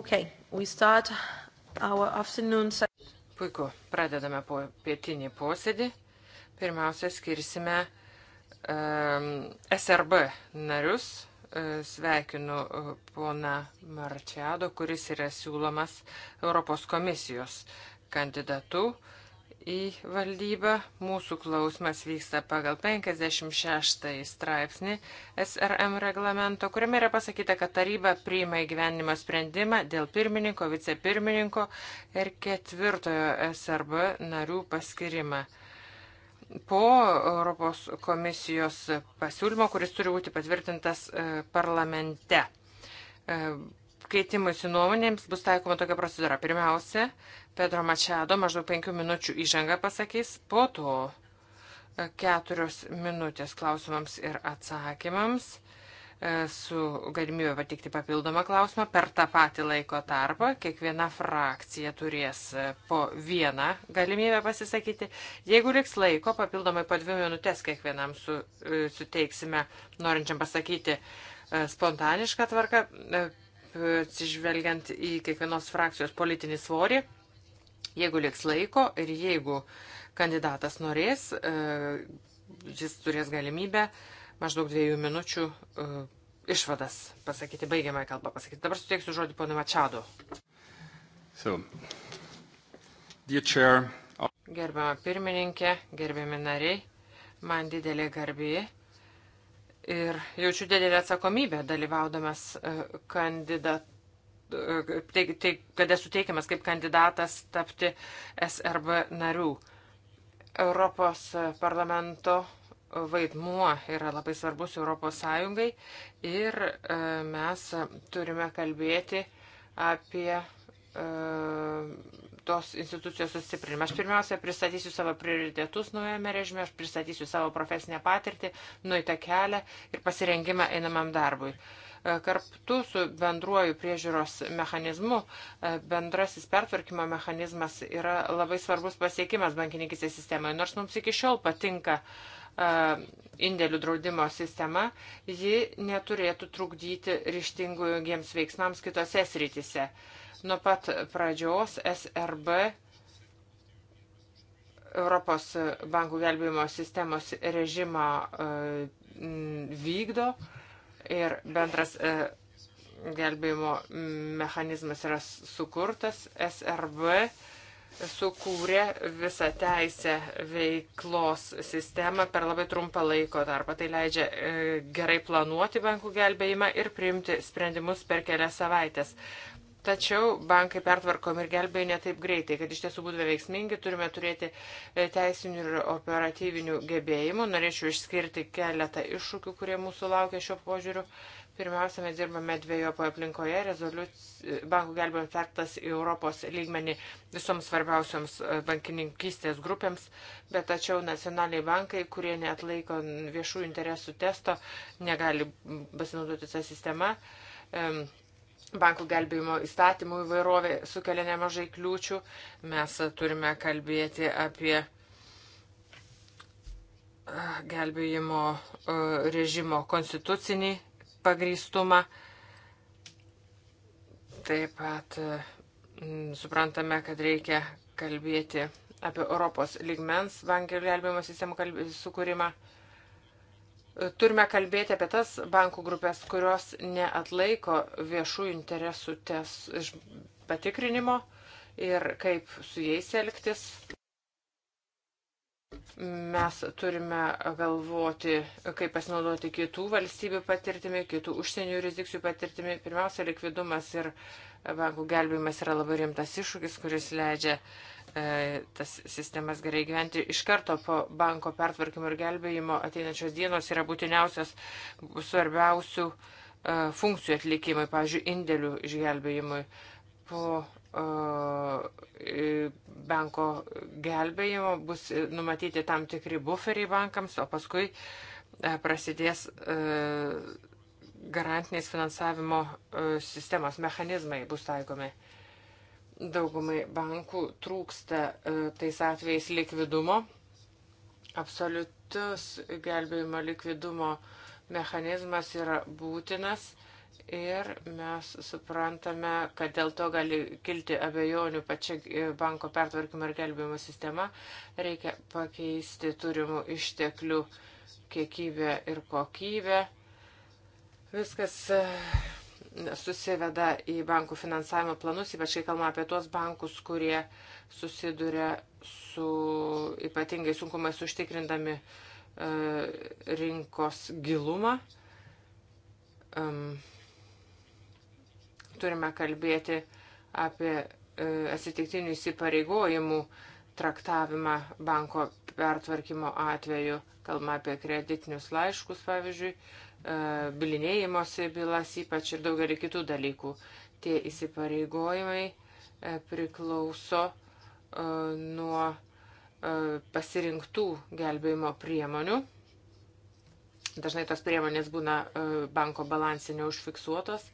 Okay, we start our afternoon session. Puiku, pradedame po pietinį posėdį. Pirmiausia, skirsime um, ehm, SRB narius. E, sveikinu e, pona Marčiado, kuris yra siūlomas Europos komisijos kandidatu. Uh, į valdybą. Mūsų klausimas vyksta pagal 56 straipsnį SRM reglamento, kuriame yra pasakyta, kad taryba priima įgyvenimo sprendimą dėl pirmininko, vicepirmininko ir ketvirtojo SRB narių paskirimą. Po Europos komisijos pasiūlymo, kuris turi būti patvirtintas e, parlamente e, keitimusi nuomonėms bus taikoma tokia procedūra. Pirmiausia, Pedro Mačiado maždaug penkių minučių įžanga pasakys, po to e, keturios minutės klausimams ir atsakymams e, su galimybė patikti papildomą klausimą per tą patį laiko tarpą. Kiekviena frakcija turės e, po vieną galimybę pasisakyti. Jeigu liks laiko, papildomai po dvi minutės kiekvienam su, suteiksime, norinčiam pasakyti spontanišką tvarką, atsižvelgiant į kiekvienos frakcijos politinį svorį, jeigu liks laiko ir jeigu kandidatas norės, e, jis turės galimybę maždaug dviejų minučių e, išvadas pasakyti, baigiamąją kalbą pasakyti. Dabar suteiksiu žodį ponui Mačiadu. So, Gerbiama pirmininkė, gerbiami nariai, man didelė garbė Ir jaučiu didelį atsakomybę dalyvaudamas e, kandidat, e, tai, tai, kad esu teikiamas kaip kandidatas tapti SRB narių. Europos parlamento vaidmuo yra labai svarbus Europos Sąjungai ir e, mes turime kalbėti apie tos institucijos sustiprinimą. Aš pirmiausia pristatysiu savo prioritetus naujame režime, aš pristatysiu savo profesinę patirtį, nueitą kelią ir pasirengimą einamam darbui. E, Kartu su bendruoju priežiūros mechanizmu e, bendrasis pertvarkymo mechanizmas yra labai svarbus pasiekimas bankininkistės sistemoje. Nors mums iki šiol patinka e, indėlių draudimo sistema, ji neturėtų trukdyti ryštingų jiems veiksmams kitose srityse. Uh, Nuo pat pradžios SRB Europos bankų gelbėjimo sistemos režimą e, vykdo ir bendras e, gelbėjimo mechanizmas yra sukurtas. SRB sukūrė visą teisę veiklos sistemą per labai trumpą laiko tarpą. Tai leidžia e, gerai planuoti bankų gelbėjimą ir priimti sprendimus per kelias savaitės. Tačiau bankai pertvarkomi ir gelbėjai netaip greitai, kad iš tiesų būtume veiksmingi, turime turėti e, teisinių ir operatyvinių gebėjimų. Norėčiau išskirti keletą iššūkių, kurie mūsų laukia šio požiūriu. Pirmiausia, mes dirbame dviejopoje aplinkoje, rezoliuc... E, bankų gelbėjimo pertas į Europos lygmenį visoms svarbiausioms e, bankininkystės grupėms, bet tačiau nacionaliai bankai, kurie netlaiko viešų interesų testo, negali pasinaudoti tą sistemą. Um, Bankų gelbėjimo įstatymų įvairovė sukelia nemažai kliūčių. Mes turime kalbėti apie gelbėjimo režimo konstitucinį pagrįstumą. Taip pat suprantame, kad reikia kalbėti apie Europos ligmens bankų gelbėjimo sistemų sukūrimą turime kalbėti apie tas bankų grupės, kurios neatlaiko viešų interesų tes patikrinimo ir kaip su jais elgtis. Mes turime galvoti, kaip pasinaudoti kitų valstybių patirtimi, kitų užsienio jurisdikcijų patirtimi. Pirmiausia, likvidumas ir bankų gelbėjimas yra labai rimtas iššūkis, kuris leidžia uh, E, tas sistemas gerai gyventi. Iš karto po banko pertvarkymo ir gelbėjimo ateinančios dienos yra būtiniausias svarbiausių e, funkcijų atlikimui, pavyzdžiui, indėlių išgelbėjimui. Po e, banko gelbėjimo bus numatyti tam tikri buferiai bankams, o paskui prasidės garantinės finansavimo sistemos mechanizmai bus taikomi. Daugumai bankų trūksta e, tais atvejais likvidumo. Absoliutus gelbėjimo likvidumo mechanizmas yra būtinas ir mes suprantame, kad dėl to gali kilti abejonių pačia e, banko pertvarkymo ir gelbėjimo sistema. Reikia pakeisti turimų išteklių kiekybę ir kokybę. Viskas e, susiveda į bankų finansavimo planus, ypač kai kalbame apie tuos bankus, kurie susiduria su ypatingai sunkumais užtikrindami e, rinkos gilumą. Turime kalbėti apie e, atsitiktinių įsipareigojimų traktavimą banko pertvarkymo atveju. Kalbame apie kreditinius laiškus, pavyzdžiui, E, bilinėjimosi bylas ypač ir daugelį kitų dalykų. Tie įsipareigojimai e, priklauso e, nuo pasirinktų gelbėjimo priemonių. Dažnai tos priemonės būna banko balanse neužfiksuotos.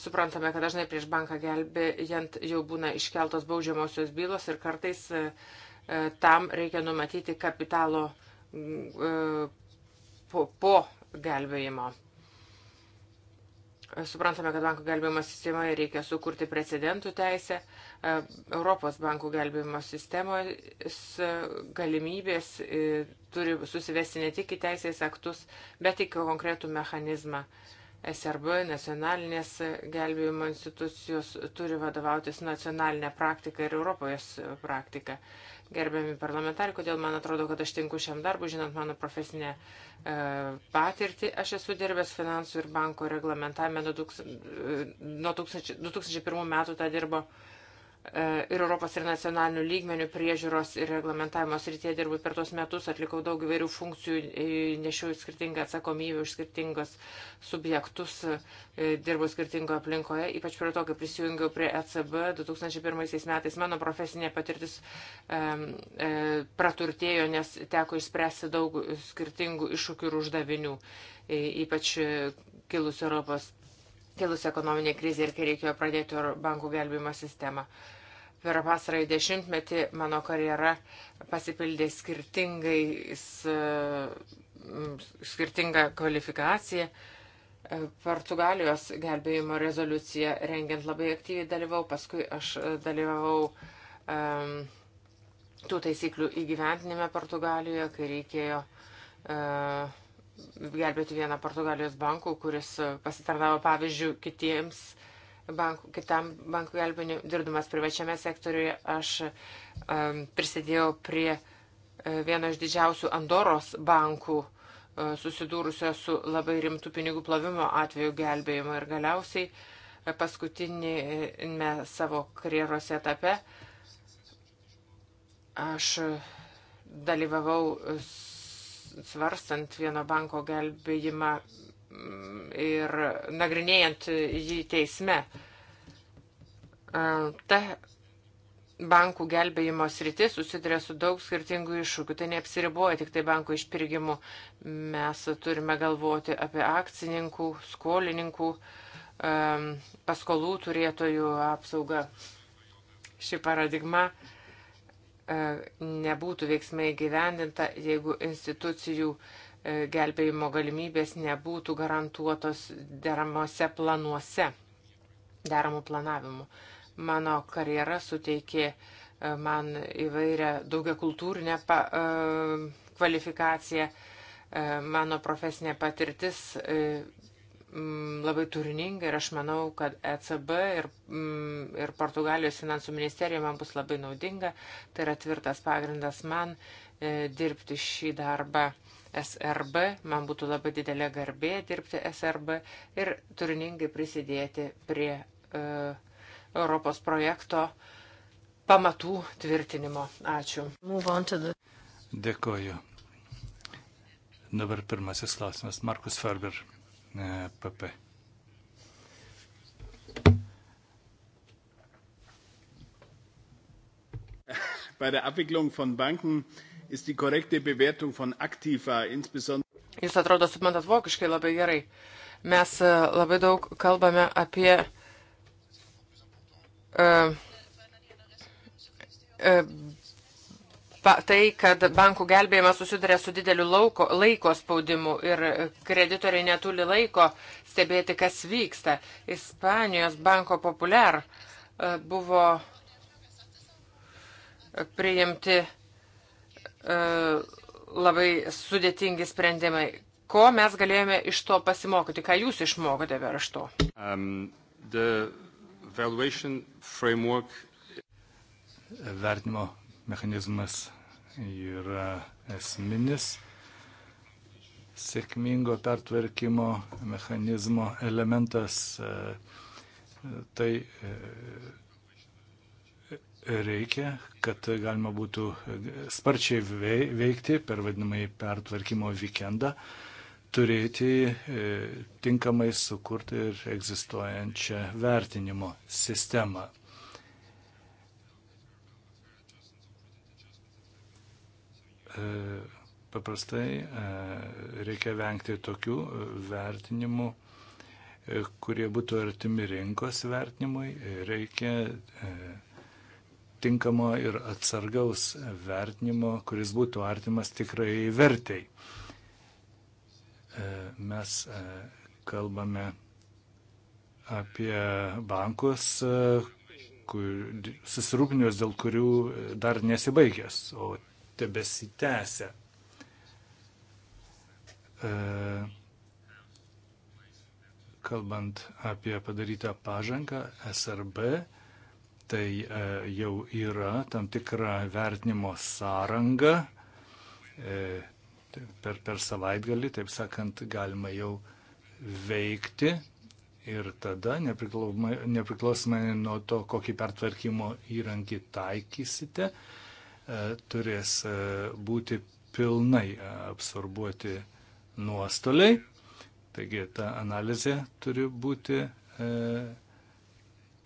Suprantame, kad dažnai prieš banką gelbėjant jau būna iškeltos baudžiamosios bylos ir kartais tam reikia numatyti kapitalo po, po gelbėjimo. Suprantame, kad bankų gelbėjimo sistemoje reikia sukurti precedentų teisę. E, Europos bankų gelbėjimo sistemos galimybės e, turi susivesti ne tik į teisės aktus, bet į konkretų mechanizmą. SRB, nacionalinės gelbėjimo institucijos turi vadovautis nacionalinę praktiką ir Europos praktiką gerbiami parlamentarai, kodėl man atrodo, kad aš tinku šiam darbui, žinant mano profesinę e, patirtį. Aš esu dirbęs finansų ir banko reglamentavime nuo 2000, 2001 e, metų tą dirbo E, ir Europos ir nacionalinių lygmenių priežiūros ir reglamentavimo srityje dirbu per tuos metus, atlikau daug įvairių funkcijų, e, nešiau skirtingą atsakomybę už skirtingus subjektus, e, dirbu skirtingoje aplinkoje, ypač prie to, kai prisijungiau prie ECB 2001 metais, mano profesinė patirtis um, e, praturtėjo, nes teko išspręsti daug skirtingų iššūkių ir uždavinių, ypač kilus Europos kilus ekonominė krizė ir kai reikėjo pradėti bankų gelbėjimo sistemą. Uh, Per pasarąjį dešimtmetį mano karjera pasipildė skirtingais, e, skirtingą kvalifikaciją. E, Portugalijos gelbėjimo rezoliuciją rengiant labai aktyviai dalyvau, paskui aš e, dalyvavau um, tų taisyklių įgyventinime Portugalijoje, kai reikėjo uh, gelbėti vieną Portugalijos bankų, kuris pasitarnavo pavyzdžių kitiems bankų, kitam bankų gelbiniu, dirbdamas privačiame sektoriuje, aš um, prisidėjau prie e, vieno iš didžiausių Andoros bankų e, susidūrusio su labai rimtų pinigų plovimo atveju gelbėjimo ir galiausiai e, paskutinėme savo karjeros etape aš dalyvavau svarstant vieno banko gelbėjimą ir nagrinėjant jį teisme. E, ta bankų gelbėjimo sritis susiduria su daug skirtingų iššūkių. Tai neapsiriboja tik tai bankų išpirgimu. Mes turime galvoti apie akcininkų, skolininkų, e, paskolų turėtojų apsaugą. Ši paradigma e, nebūtų veiksmai gyvendinta, jeigu institucijų uh, E, gelbėjimo galimybės nebūtų garantuotos deramose planuose, deramų planavimų. Mano karjera suteikė e, man įvairią daugia kultūrinę pa, e, kvalifikaciją, mano profesinė patirtis labai turininga ir aš manau, kad ECB ir, ir Portugalijos finansų ministerija man bus labai naudinga. Tai yra tvirtas pagrindas man dirbti šį darbą SRB, man būtų labai didelė garbė dirbti SRB ir turiningai prisidėti prie uh, Europos projekto pamatų tvirtinimo. Ačiū. The... Dėkoju. Dabar pirmasis klausimas. Markus Ferber, PP. E, Bei der Abwicklung von Banken äh, ist die korrekte Bewertung von Aktiva insbesondere. Jūs atrodo suprantat vokiškai labai gerai. Mes e, labai daug kalbame apie uh, uh, pa, tai, kad bankų gelbėjimas susiduria su dideliu lauko, laiko spaudimu ir kreditoriai neturi laiko stebėti, kas vyksta. Ispanijos banko populiar uh, buvo priimti uh, E, labai sudėtingi sprendimai. Ko mes galėjome iš to pasimokyti? Ką jūs išmokote per iš to? Um, framework... Vertinimo mechanizmas yra esminis sėkmingo pertvarkymo mechanizmo elementas. E, tai e, reikia, kad galima būtų sparčiai veikti per vadinamąjį pertvarkymo vikendą, turėti e, tinkamai sukurti ir egzistuojančią vertinimo sistemą. E, paprastai e, reikia vengti tokių vertinimų, kurie būtų artimi rinkos vertinimui, reikia tinkamo ir atsargaus vertinimo, kuris būtų artimas tikrai vertei. E, mes e, kalbame apie bankus, e, susirūpinimus, dėl kurių dar nesibaigęs, o tebesitęsia. Kalbant apie padarytą pažangą, SRB tai e, jau yra tam tikra vertinimo sąranga. E, per, per savaitgalį, taip sakant, galima jau veikti ir tada, nepriklausomai nuo to, kokį pertvarkymo įrankį taikysite, e, turės būti pilnai absorbuoti nuostoliai. Taigi ta analizė turi būti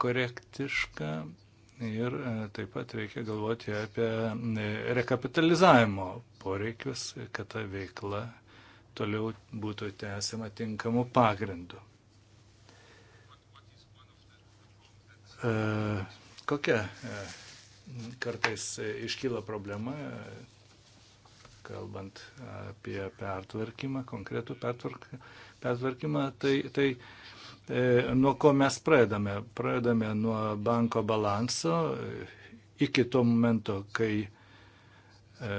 korektiška ir e, taip pat reikia galvoti apie e, rekapitalizavimo poreikius, kad ta veikla toliau būtų tęsiama tinkamu pagrindu. E, kokia kartais iškyla problema, kalbant apie pertvarkymą, konkretų pertvarkymą, tai, tai E, nuo ko mes pradedame. Pradedame nuo banko balanso iki to momento, kai e,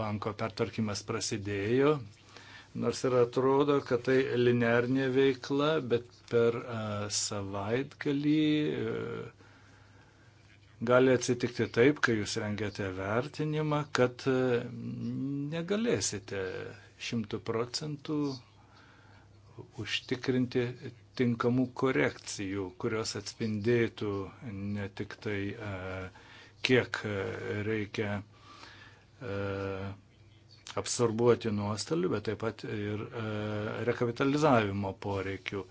banko pertvarkymas prasidėjo. Nors ir atrodo, kad tai linearnė veikla, bet per e, savaitgalį gali atsitikti taip, kai jūs rengiate vertinimą, kad negalėsite šimtų procentų užtikrinti tinkamų korekcijų, kurios atspindėtų ne tik tai, e, kiek e, reikia e, absorbuoti nuostolių, bet taip pat ir rekapitalizavimo poreikių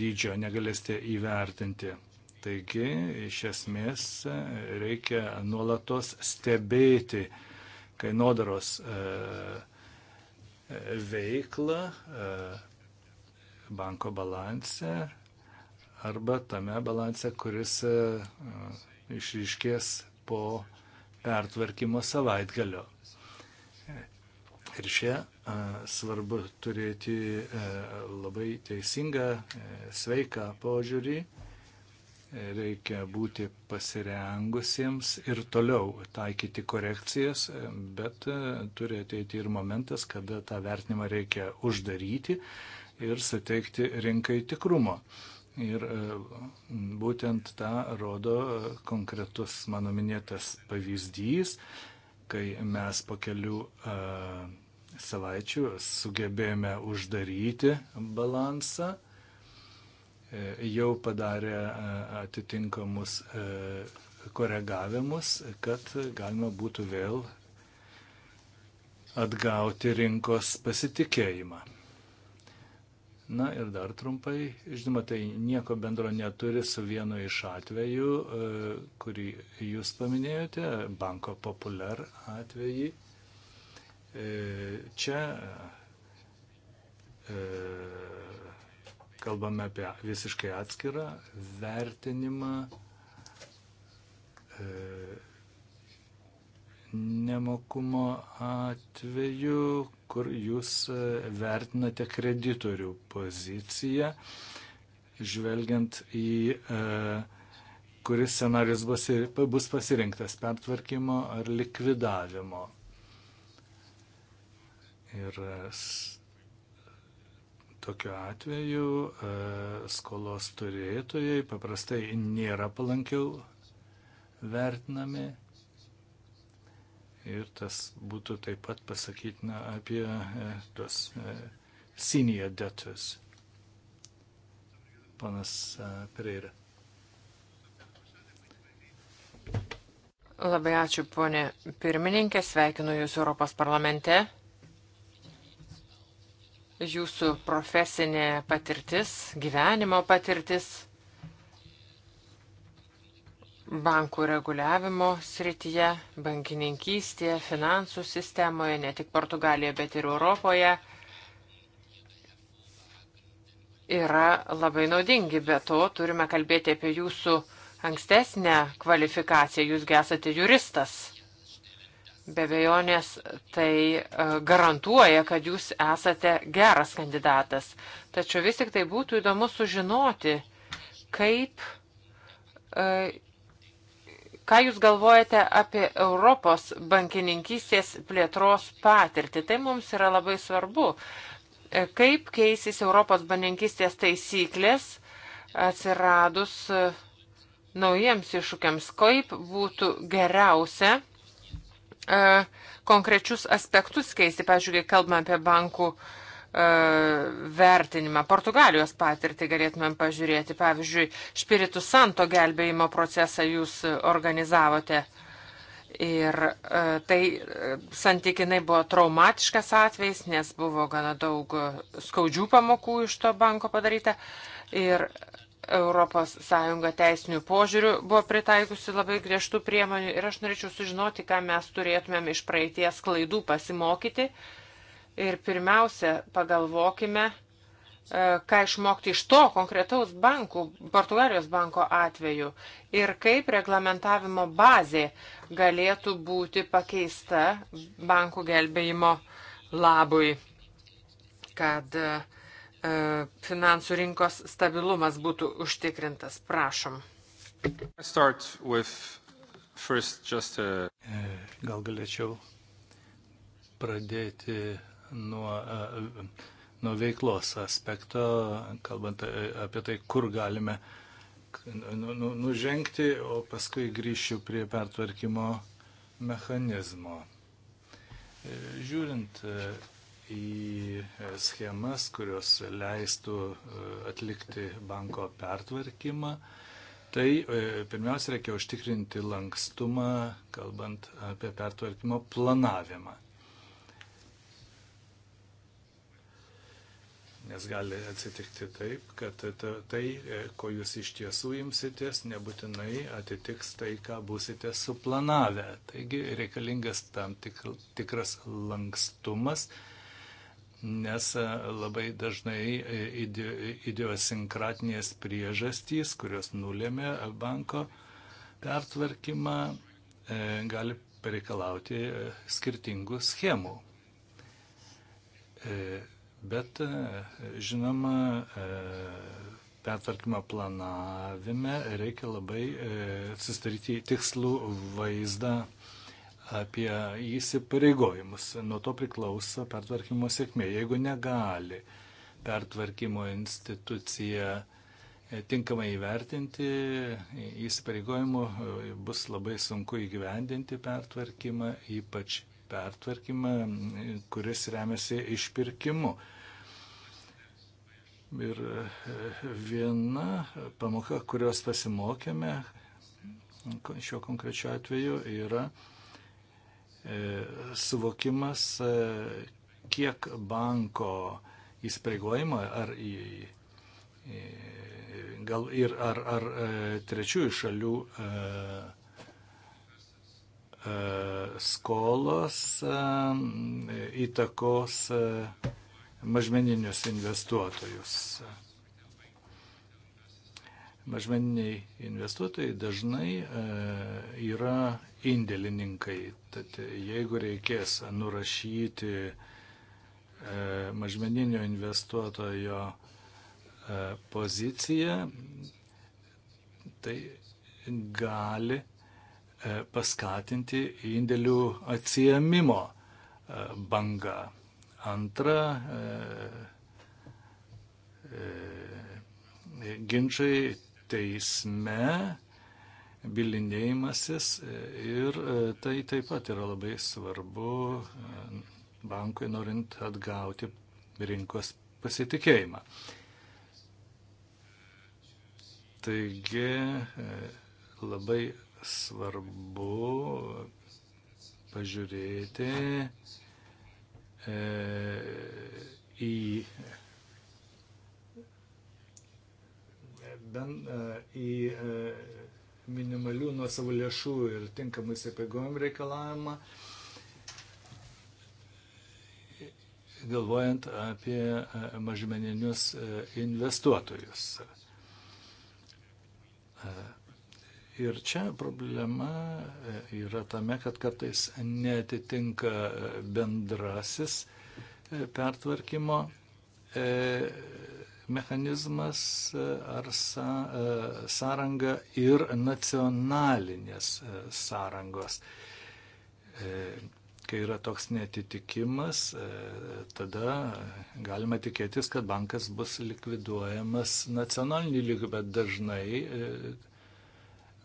dydžio negalėsite įvertinti. Taigi, iš esmės, reikia nuolatos stebėti kainodaros veiklą, banko balanse arba tame balanse, kuris e, e, išryškės po pertvarkymo savaitgalio. Ir čia e, svarbu turėti labai teisingą, sveiką požiūrį, reikia būti pasirengusiems ir toliau taikyti korekcijas, bet turi ateiti ir momentas, kada tą vertinimą reikia uždaryti, ir suteikti rinkai tikrumo. Ir e, būtent tą rodo e, konkretus mano minėtas pavyzdys, kai mes po kelių a, e, savaičių sugebėjome uždaryti balansą, jau padarė atitinkamus koregavimus, kad galima būtų vėl atgauti rinkos pasitikėjimą. Na ir dar trumpai, žinoma, tai nieko bendro neturi su vienu iš atvejų, e, kurį jūs paminėjote, banko populiar atvejį. E, čia e, kalbame apie visiškai atskirą vertinimą nemokumo atveju, kur jūs e, vertinate kreditorių poziciją, žvelgiant į e, kuris scenarius bus, bus pasirinktas - pertvarkymo ar likvidavimo. Ir e, tokiu atveju skolos turėtojai paprastai nėra palankiau vertinami Ir tas būtų taip pat pasakytina apie e, tuos e, senior debtors. Panas e, Pereira. Labai ačiū, ponė pirmininkė, sveikinu Jūs Europos parlamente. Jūsų profesinė patirtis, gyvenimo patirtis bankų reguliavimo srityje, bankininkystėje, finansų sistemoje, ne tik Portugalijoje, bet ir Europoje yra labai naudingi. Be to, turime kalbėti apie jūsų ankstesnę kvalifikaciją. Jūsgi esate juristas. Be bejonės tai e, garantuoja, kad jūs esate geras kandidatas. Tačiau vis tik tai būtų įdomu sužinoti, kaip e, Ką Jūs galvojate apie Europos bankininkystės plėtros patirtį? Tai mums yra labai svarbu. E, kaip keisys Europos bankininkystės taisyklės atsiradus e, naujiems iššūkiams? Kaip būtų geriausia e, konkrečius aspektus keisti? Pavyzdžiui, kai kalbame apie bankų uh, E, vertinimą. Portugalijos patirtį galėtumėm pažiūrėti. Pavyzdžiui, Špiritų Santo gelbėjimo procesą jūs organizavote. Ir e, tai e, santykinai buvo traumatiškas atvejs, nes buvo gana daug skaudžių pamokų iš to banko padaryta. Ir ES teisinių požiūrių buvo pritaikusi labai griežtų priemonių. Ir aš norėčiau sužinoti, ką mes turėtumėm iš praeities klaidų pasimokyti. Uh, Ir pirmiausia, pagalvokime, e, ką išmokti iš to konkretaus bankų, Portugalijos banko atveju ir kaip reglamentavimo bazė galėtų būti pakeista bankų gelbėjimo labui, kad e, e, finansų rinkos stabilumas būtų užtikrintas. Prašom. Gal galėčiau pradėti nuo, e, nuo veiklos aspekto, kalbant e, apie tai, kur galime nu, nu, nužengti, o paskui grįšiu prie pertvarkymo mechanizmo. E, žiūrint į schemas, kurios leistų atlikti banko pertvarkymą. Tai pirmiausia, reikia užtikrinti lankstumą, kalbant apie pertvarkymo planavimą. nes gali atsitikti taip, kad tai, e, ko jūs iš tiesų imsitės, nebūtinai atitiks tai, ką būsite suplanavę. Taigi reikalingas tam tikras lankstumas, nes e, labai dažnai e, idiosinkratinės priežastys, kurios nulėmė banko pertvarkymą, gali pareikalauti skirtingų schemų Bet e, žinoma, e, pertvarkymo planavime reikia labai e, sustaryti tikslų vaizdą apie įsipareigojimus. Nuo to priklauso pertvarkymo sėkmė. Jeigu negali pertvarkymo institucija tinkamai įvertinti įsipareigojimų, bus labai sunku įgyvendinti pertvarkymą, ypač pertvarkymą, kuris remiasi išpirkimu. Ir e, viena pamoka, kurios pasimokėme šiuo konkrečiu atveju, yra e, suvokimas, e, kiek banko įspareigojimo ar į, gal ir ar, ar trečiųjų šalių E, skolos e, įtakos e, mažmeninius investuotojus. Mažmeniniai investuotojai dažnai yra indėlininkai, tad jeigu reikės nurašyti mažmeninio investuotojo poziciją, tai gali E, paskatinti indėlių atsijėmimo e, bangą. Antra, e, ginčiai teisme, bilinėjimasis ir tai taip pat yra labai svarbu bankui norint atgauti rinkos pasitikėjimą. Taigi labai svarbu pažiūrėti e, į ben, e, į e, minimalių nuo savo lėšų ir tinkamai įsipaigojom reikalavimą, galvojant apie e, mažmeninius investuotojus. Ir čia problema e, yra tame, kad kartais netitinka e, bendrasis e, pertvarkymo mechanizmas ar sąranga ir nacionalinės sąrangos kai yra toks netitikimas, tada galima tikėtis, kad bankas bus likviduojamas nacionaliniu lygiu, bet dažnai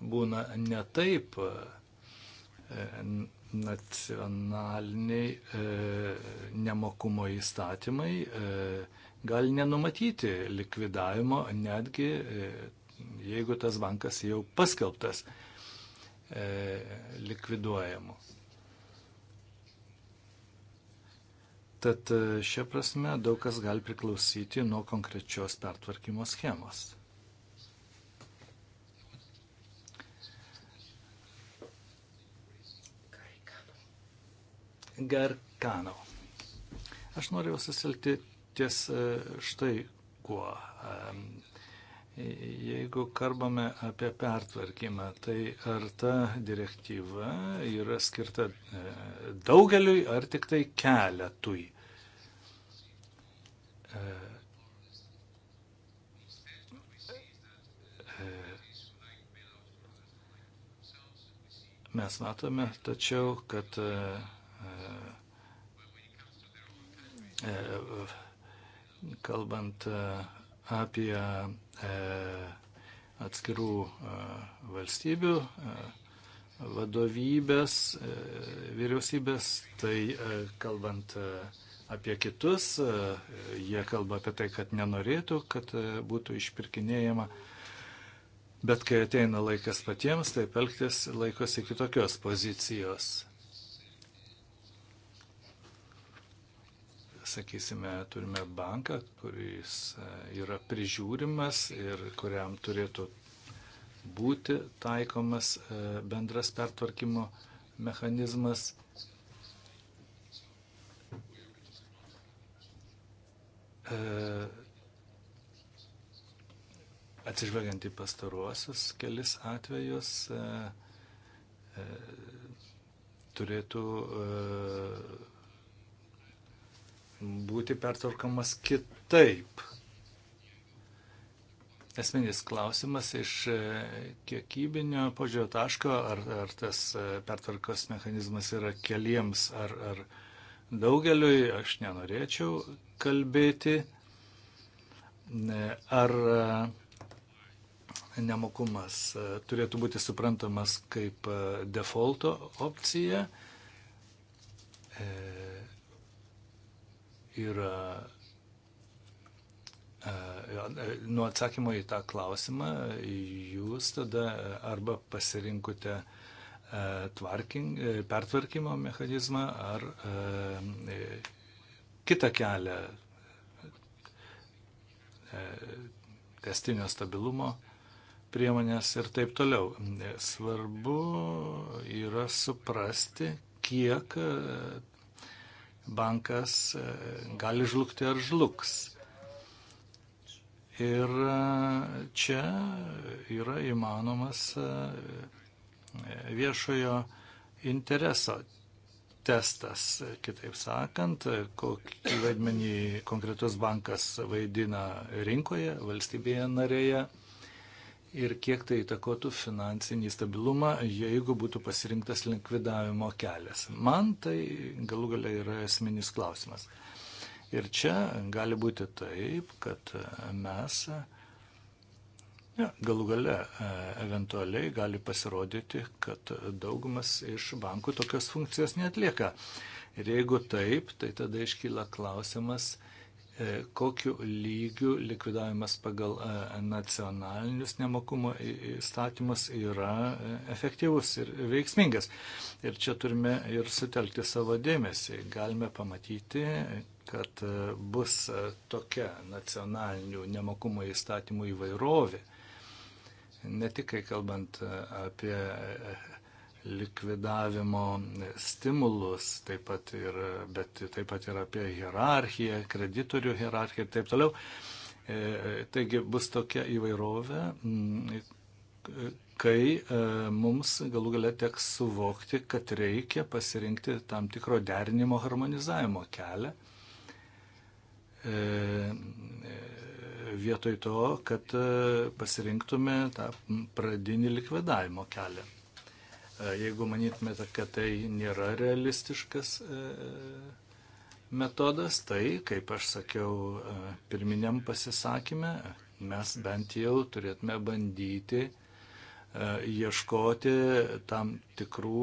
būna netaip. E, nacionaliniai e, nemokumo įstatymai e, gali nenumatyti likvidavimo, netgi jeigu tas bankas jau paskelbtas likviduojamu. Tad šia prasme daug kas gali priklausyti nuo konkrečios pertvarkymo schemos. Garkano. Aš noriu susilti ties e, štai kuo. E, jeigu kalbame apie pertvarkymą, tai ar ta direktyva yra skirta e, daugeliui ar tik tai keletui? Mes matome tačiau, kad E, e, kalbant e, apie atskirų valstybių vadovybės, vyriausybės, tai kalbant apie kitus, jie kalba apie tai, kad nenorėtų, kad būtų išpirkinėjama Bet kai ateina laikas patiems, taip elgtis laikosi kitokios pozicijos. sakysime, turime banką, kuris e, yra prižiūrimas ir kuriam turėtų būti taikomas e, bendras pertvarkymo mechanizmas. E, atsižvelgiant į pastaruosius kelis atvejus, turėtų būti pertvarkomas kitaip. Esminis klausimas iš e, kiekybinio požiūrio taško, ar, ar tas e, pertvarkos mechanizmas yra keliems ar, ar daugeliui, aš nenorėčiau kalbėti, e, ar nemokumas turėtų būti suprantamas kaip defaulto opcija. E, yra e, nuo atsakymo į tą klausimą jūs tada arba pasirinkote e, tvarking, e, pertvarkymo mechanizmą ar kitą kelią testinio stabilumo priemonės ir taip toliau. Svarbu yra suprasti, kiek bankas e, gali žlugti ar žlugs. Ir e, čia yra įmanomas e, viešojo intereso testas. Kitaip sakant, kokį vaidmenį konkretus bankas vaidina rinkoje, valstybėje narėje ir kiek tai įtakotų finansinį stabilumą, jeigu būtų pasirinktas likvidavimo kelias. Man tai galų galia yra esminis klausimas. Ir čia gali būti taip, kad mes ja, galų gale e, eventualiai gali pasirodyti, kad daugumas iš bankų tokios funkcijos netlieka. Ir jeigu taip, tai tada iškyla klausimas, E, kokiu lygiu likvidavimas pagal e, nacionalinius nemokumo įstatymus yra e, efektyvus ir veiksmingas. Ir čia turime ir sutelkti savo dėmesį. Galime pamatyti, kad bus tokia nacionalinių nemokumo įstatymų įvairovė. Ne tik kalbant apie likvidavimo stimulus, taip pat ir, bet taip pat ir apie hierarchiją, kreditorių hierarchiją ir taip toliau. E, e, taigi bus tokia įvairovė, kai e, mums galų gale teks suvokti, kad reikia pasirinkti tam tikro derinimo harmonizavimo kelią. Vietoj to, kad pasirinktume tą pradinį likvidavimo kelią. E, jeigu manytumėte, kad tai nėra realistiškas e, metodas, tai, kaip aš sakiau e, pirminiam pasisakymę, mes bent jau turėtume bandyti ieškoti tam tikrų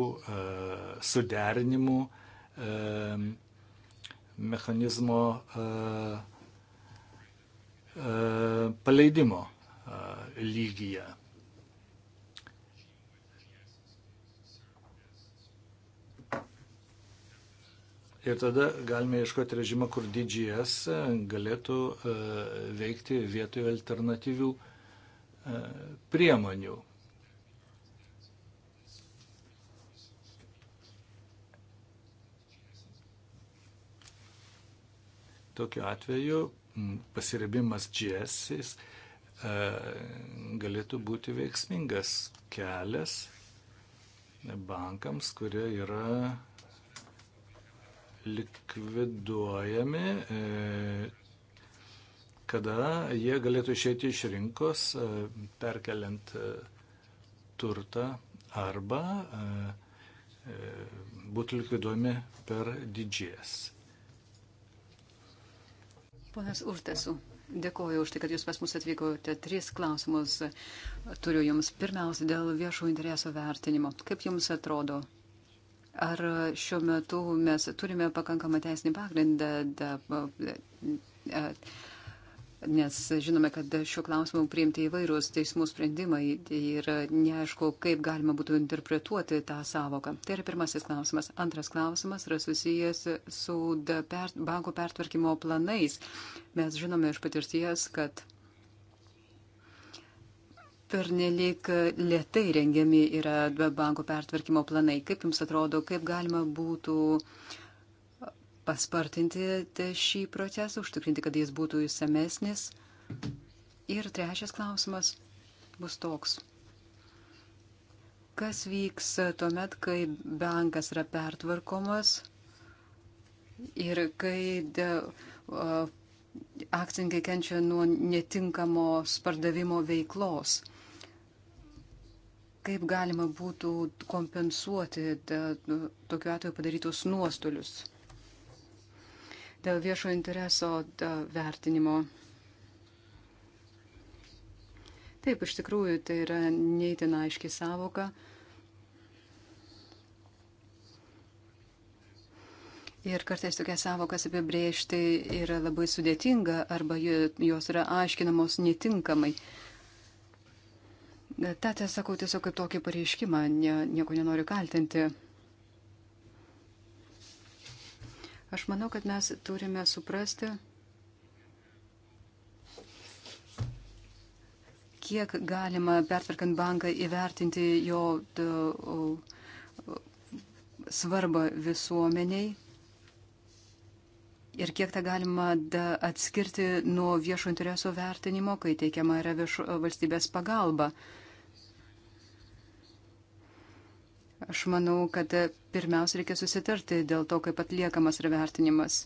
suderinimų mechanizmo paleidimo lygyje. Ir tada galime ieškoti režimą, kur DGS e, galėtų e, veikti vietoj alternatyvių e, priemonių. Tokiu atveju pasiribimas GS galėtų būti veiksmingas kelias bankams, kurie yra likviduojami, e, kada jie galėtų išėti iš rinkos, e, perkeliant e, turtą arba būtų likviduojami per didžies. Ponas Urtesu, dėkoju už tai, kad jūs pas mus atvykote. Tris klausimus turiu jums. Pirmiausia, dėl viešų interesų vertinimo. Kaip jums atrodo, Ar šiuo metu mes turime pakankamą teisinį pagrindą, nes žinome, kad šiuo klausimu priimti įvairūs teismų sprendimai ir tai neaišku, kaip galima būtų interpretuoti tą savoką. Tai yra pirmasis klausimas. Antras klausimas yra susijęs su per, bankų pertvarkymo planais. Mes žinome iš patirties, kad Pernelik lietai rengiami yra bankų pertvarkymo planai. Kaip Jums atrodo, kaip galima būtų paspartinti šį procesą, užtikrinti, kad jis būtų įsamesnis? Ir trečias klausimas bus toks. Kas vyks tuomet, kai bankas yra pertvarkomas ir kai de, uh, akcininkai kenčia nuo netinkamos pardavimo veiklos? kaip galima būtų kompensuoti nu, tokiu atveju padarytus nuostolius dėl viešo intereso vertinimo. Taip, iš tikrųjų, tai yra neįtina aiški savoka. Ir kartais tokias savokas apibriežti yra labai sudėtinga arba jos yra aiškinamos netinkamai. Uh, Tą tiesakau tiesiog kaip tokį pareiškimą, ne, nieko nenoriu kaltinti. Aš manau, kad mes turime suprasti, kiek galima pertvarkant banką įvertinti jo svarbą visuomeniai ir kiek tą galima atskirti nuo viešo intereso vertinimo, kai teikiama yra vieš, valstybės pagalba. Uh, Aš manau, kad pirmiausia reikia susitarti dėl to, kaip atliekamas yra vertinimas.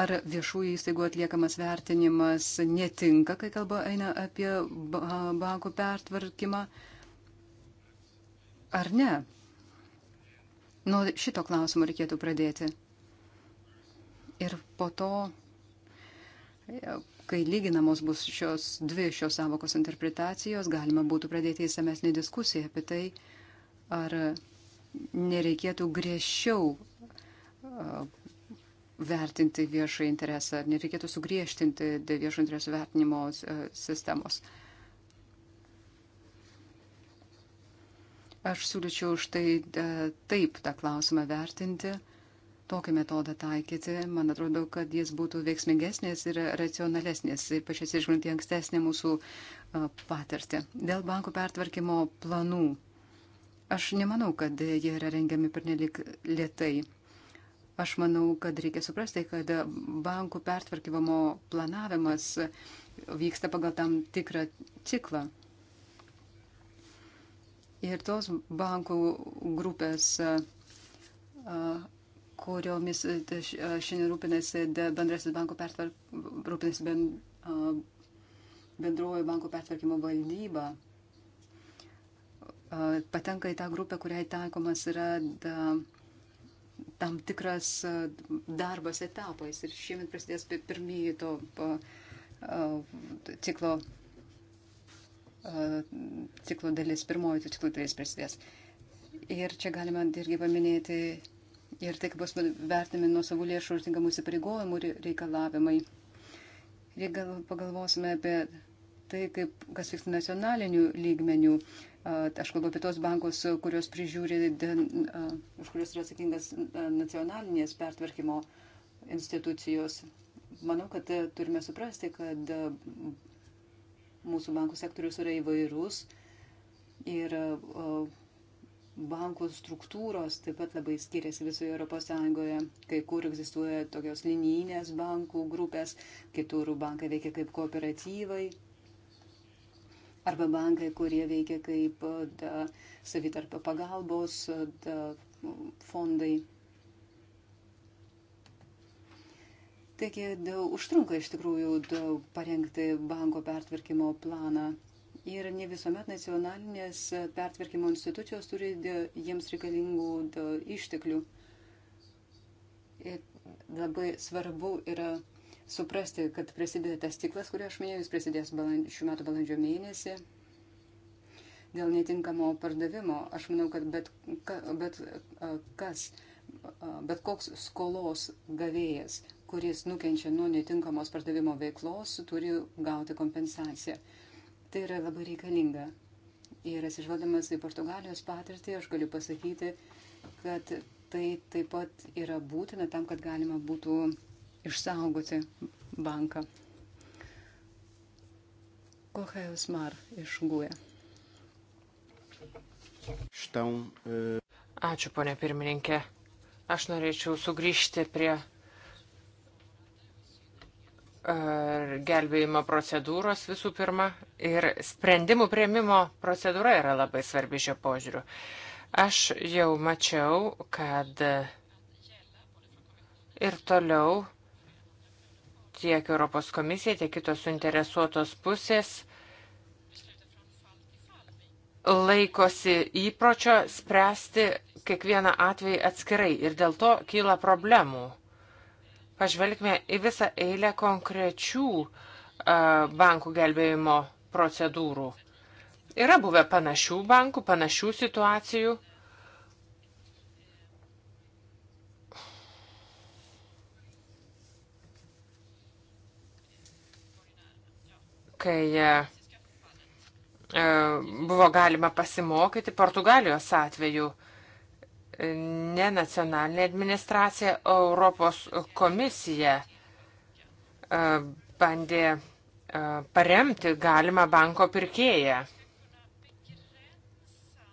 Ar viešųjų įstaigų atliekamas vertinimas netinka, kai kalba eina apie bankų pertvarkymą, ar ne? Nuo šito klausimo reikėtų pradėti. Ir po to, kai lyginamos bus šios dvi šios savokos interpretacijos, galima būtų pradėti įsamesnį diskusiją apie tai, ar nereikėtų griežčiau vertinti viešą interesą, ar nereikėtų sugriežtinti viešo interesų vertinimo sistemos. Aš siūlyčiau štai taip tą klausimą vertinti, tokį metodą taikyti. Man atrodo, kad jis būtų veiksmingesnis ir racionalesnis, ypač atsižvelgiant į ankstesnę mūsų patirtį. Dėl bankų pertvarkymo planų Aš nemanau, kad jie yra rengiami pernelik lietai. Aš manau, kad reikia suprasti, kad bankų pertvarkyvamo planavimas vyksta pagal tam tikrą ciklą. Ir tos bankų grupės, kuriomis šiandien rūpinasi bendrasis bankų pertvarkymas, rūpinasi bendrojo bankų pertvarkymo valdyba, patenka į tą grupę, kuriai taikomas yra da, tam tikras darbas etapais. Ir šiemet prasidės pirmieji to ciklo, ciklo dalis, pirmoji to ciklo dalis prasidės. Ir čia galima irgi paminėti ir tai, kaip bus vertinami nuo savų lėšų ir tinkamų įsipareigojimų reikalavimai. Ir gal pagalvosime apie tai, kaip, kas vyks nacionalinių lygmenių. Uh, Aš kalbu apie tos bankus, kurios prižiūri, už kurios yra atsakingas nacionalinės pertvarkymo institucijos. Manau, kad turime suprasti, kad mūsų bankų sektorius yra įvairus ir bankų struktūros taip pat labai skiriasi visoje Europos Sąjungoje. Kai kur egzistuoja tokios linijinės bankų grupės, kitur bankai veikia kaip kooperatyvai arba bankai, kurie veikia kaip e, da, savitarpio pagalbos e, da, fondai. Taigi da, užtrunka iš tikrųjų da, parengti banko pertvarkymo planą. Ir ne visuomet nacionalinės pertvarkymo institucijos turi da, jiems reikalingų da, išteklių. Ir labai svarbu yra suprasti, kad prasideda tas tiklas, kurį aš minėjau, jis prasidės balandž, šių metų balandžio mėnesį. Dėl netinkamo pardavimo, aš manau, kad bet, ka, bet kas, bet koks skolos gavėjas, kuris nukenčia nuo netinkamos pardavimo veiklos, turi gauti kompensaciją. Tai yra labai reikalinga. Ir atsižvelgdamas į Portugalijos patirtį, aš galiu pasakyti, kad tai taip pat yra būtina tam, kad galima būtų uh, išsaugoti banką. Kohajus Mar iš Guė. E- Ačiū, ponė pirmininkė. Aš norėčiau sugrįžti prie e, gelbėjimo procedūros visų pirma ir sprendimų prieimimo procedūra yra labai svarbi šio požiūriu. Aš jau mačiau, kad ir toliau tiek Europos komisija, tiek kitos suinteresuotos pusės laikosi įpročio spręsti kiekvieną atvejį atskirai ir dėl to kyla problemų. Pažvelgime į visą eilę konkrečių uh, bankų gelbėjimo procedūrų. Yra buvę panašių bankų, panašių situacijų. Uh, kai e, e, buvo galima pasimokyti Portugalijos atveju. Ne nacionalinė administracija, o Europos komisija e, bandė paremti galimą banko pirkėją.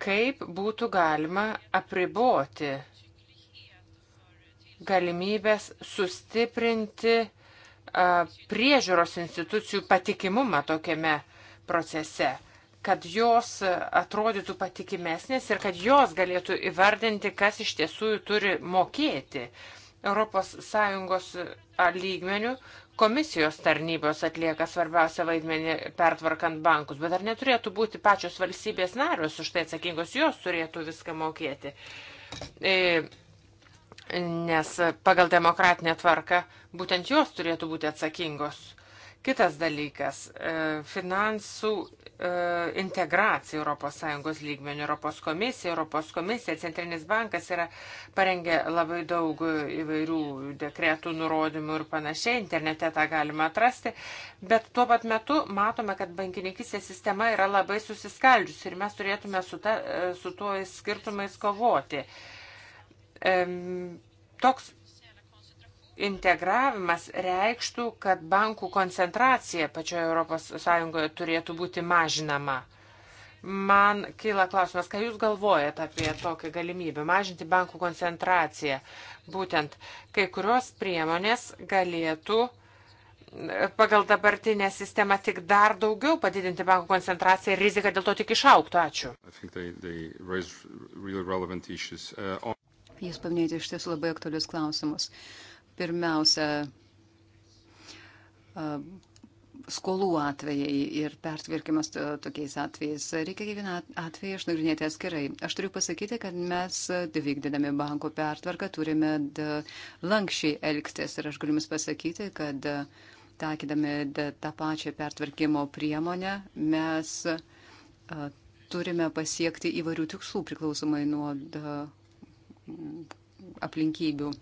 Kaip būtų galima apriboti galimybės sustiprinti uh, priežiūros institucijų patikimumą tokiame procese, kad jos atrodytų patikimesnės ir kad jos galėtų įvardinti, kas iš tiesų turi mokėti. ES lygmenių komisijos tarnybos atlieka svarbiausią vaidmenį pertvarkant bankus, bet ar neturėtų būti pačios valstybės narios už tai atsakingos, jos turėtų viską mokėti. E, nes pagal demokratinę tvarką uh, Būtent jos turėtų būti atsakingos. Kitas dalykas e, - finansų e, integracija ES lygmenių. Europos komisija, Europos komisija, Centrinis bankas yra parengę labai daug įvairių dekretų, nurodymų ir panašiai. Internete tą galima atrasti. Bet tuo pat metu matome, kad bankininkistės sistema yra labai susiskaldžiusi ir mes turėtume su, ta, e, su tuo skirtumais kovoti. Toks integravimas reikštų, kad bankų koncentracija pačioje ES turėtų būti mažinama. Man kyla klausimas, ką Jūs galvojate apie tokią galimybę mažinti bankų koncentraciją. Būtent kai kurios priemonės galėtų pagal dabartinę sistemą tik dar daugiau padidinti bankų koncentraciją ir rizika dėl to tik išauktų. Ačiū. Uh, jūs paminėjote iš tiesų labai aktualius klausimus pirmiausia skolų atvejai ir pertvirkimas tokiais atvejais. Reikia kiekvieną atvejį išnagrinėti atskirai. Aš turiu pasakyti, kad mes vykdydami banko pertvarką turime lankščiai elgtis ir aš galiu Jums pasakyti, kad takydami tą pačią pertvarkymo priemonę mes turime pasiekti įvairių tikslų priklausomai nuo aplinkybių.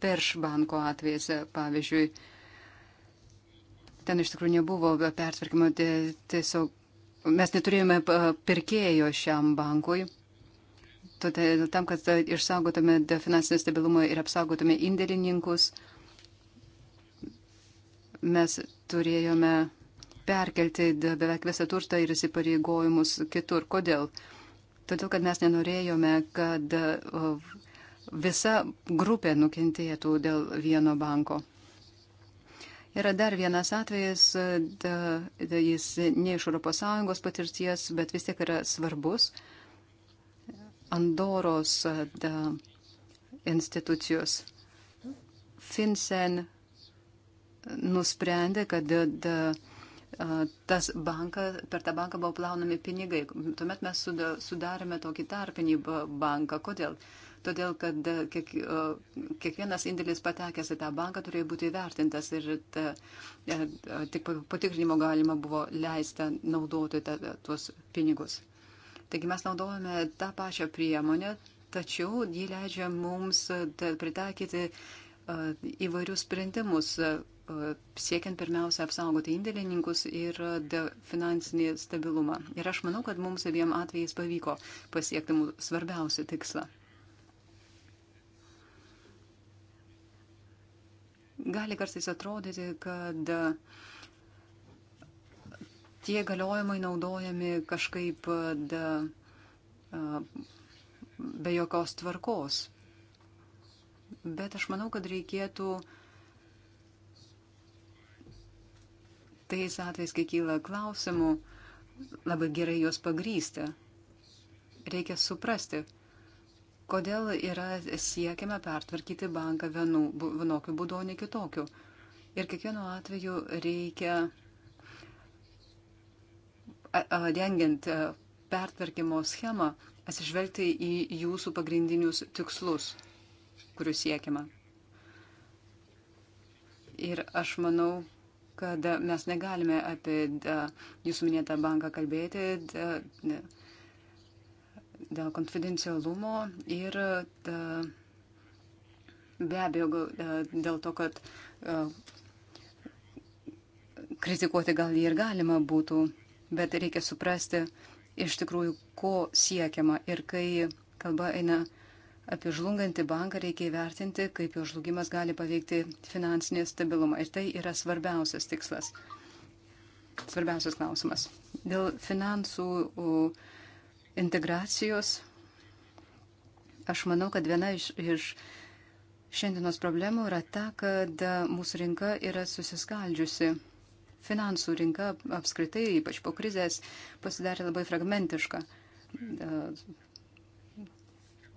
perš banko atvejais, pavyzdžiui, ten iš tikrųjų nebuvo pertvarkymo, tiesiog mes neturėjome e, pirkėjo šiam bankui. Todėl tam, kad išsaugotume finansinį stabilumą ir apsaugotume indėlininkus, mes turėjome perkelti beveik visą turtą ir įsipareigojimus kitur. Kodėl? Todėl, kad mes nenorėjome, kad e, visa grupė nukentėtų dėl vieno banko. Yra dar vienas atvejis, da, da, jis ne iš ES patirties, bet vis tiek yra svarbus. Andoros da, institucijos. FinCEN nusprendė, kad da, da, tas banka, per tą banką buvo plaunami pinigai. Tuomet mes sudarėme tokį tarpinį banką. Kodėl? Uh, todėl kad e, kiek, e, kiekvienas indėlis patekęs į tą banką turėjo būti įvertintas ir ta, e, tik patikrinimo galima buvo leista naudoti ta, tuos pinigus. Taigi mes naudojame tą pačią priemonę, tačiau ji leidžia mums pritaikyti įvairius sprendimus, siekiant pirmiausia apsaugoti indėlininkus ir finansinį stabilumą. Ir aš manau, kad mums abiem atvejais pavyko pasiekti mūsų svarbiausią tikslą. gali kartais atrodyti, kad e, tie galiojimai naudojami kažkaip da, e, e, be jokios tvarkos. Bet aš manau, kad reikėtų tais atvejais, kai kyla klausimų, labai gerai juos pagrysti. Reikia suprasti, Kodėl yra siekiama pertvarkyti banką vienu, vienokiu būdu, o ne kitokiu? Ir kiekvienu atveju reikia, dengiant pertvarkymo schemą, atsižvelgti į jūsų pagrindinius tikslus, kurių siekiama. Ir aš manau, kad mes negalime apie jūsų minėtą banką kalbėti. Da, ne, dėl konfidencialumo ir da, e, be abejo e, dėl to, kad e, kritikuoti gal jį ir galima būtų, bet reikia suprasti iš tikrųjų, ko siekiama. Ir kai kalba eina apie žlungantį banką, reikia įvertinti, kaip jo žlugimas gali paveikti finansinį stabilumą. Ir tai yra svarbiausias tikslas. Svarbiausias klausimas. Dėl finansų. Uh, integracijos, aš manau, kad viena iš, iš šiandienos problemų yra ta, kad mūsų rinka yra susiskaldžiusi. Finansų rinka apskritai, ypač po krizės, pasidarė labai fragmentiška.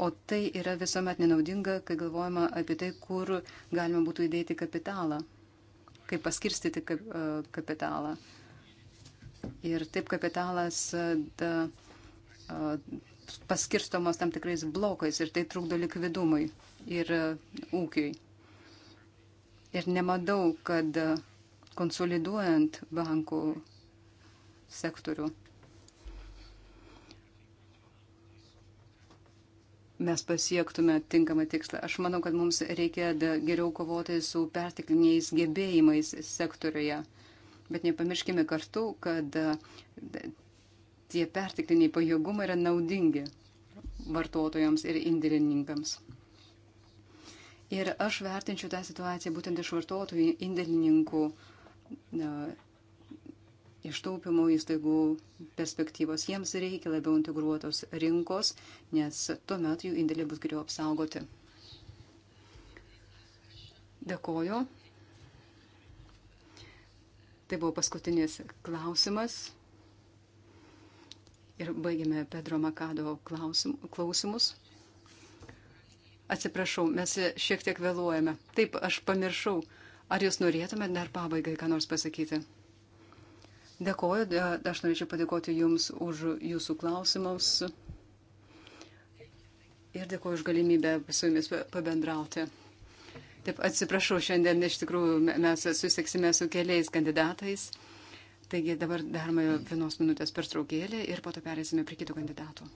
O tai yra visuomet nenaudinga, kai galvojama apie tai, kur galima būtų įdėti kapitalą, kaip paskirstyti kapitalą. Ir taip kapitalas da, uh, paskirstomos tam tikrais blokais ir tai trukdo likvidumui ir ūkiui. Ir nematau, kad konsoliduojant bankų sektorių mes pasiektume tinkamą tikslą. Aš manau, kad mums reikia geriau kovoti su pertikliniais gebėjimais sektoriuje. Bet nepamirškime kartu, kad tie pertikliniai pajėgumai yra naudingi vartotojams ir indėlininkams. Ir aš vertinčiau tą situaciją būtent iš vartotojų, indėlininkų, iš taupimo įstaigų perspektyvos. Jiems reikia labiau integruotos rinkos, nes tuomet jų indėliai bus geriau apsaugoti. Dėkoju. Tai buvo paskutinis klausimas ir baigėme Pedro Makado klausim, klausimus. Atsiprašau, mes šiek tiek vėluojame. Taip, aš pamiršau. Ar jūs norėtumėte dar pabaigai ką nors pasakyti? Dėkoju, aš norėčiau padėkoti Jums už Jūsų klausimus ir dėkoju už galimybę su Jumis pabendrauti. Taip, atsiprašau, šiandien iš tikrųjų mes susitiksime su keliais kandidatais. Taigi dabar darome vienos minutės pertraukėlį ir po to perėsime prie kitų kandidatų.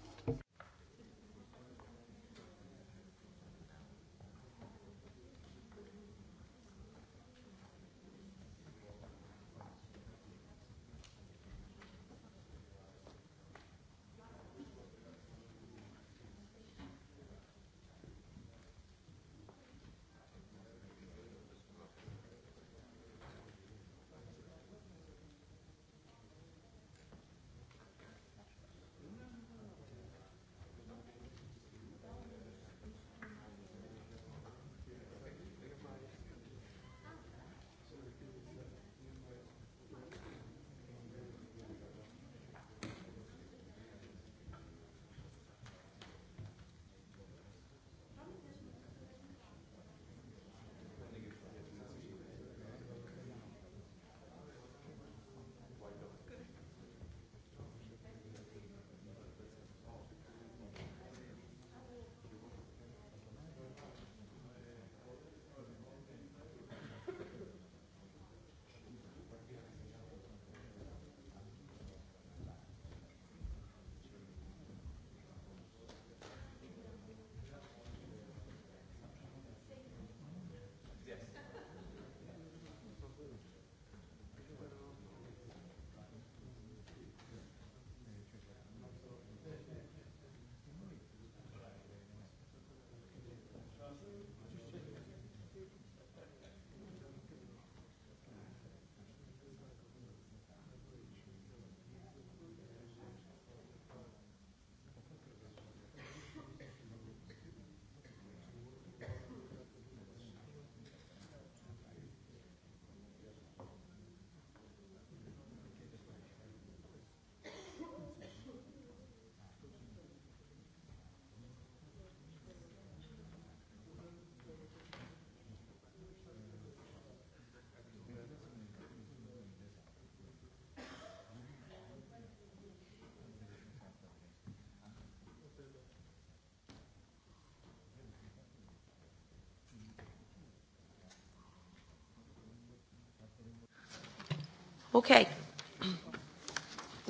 Okay.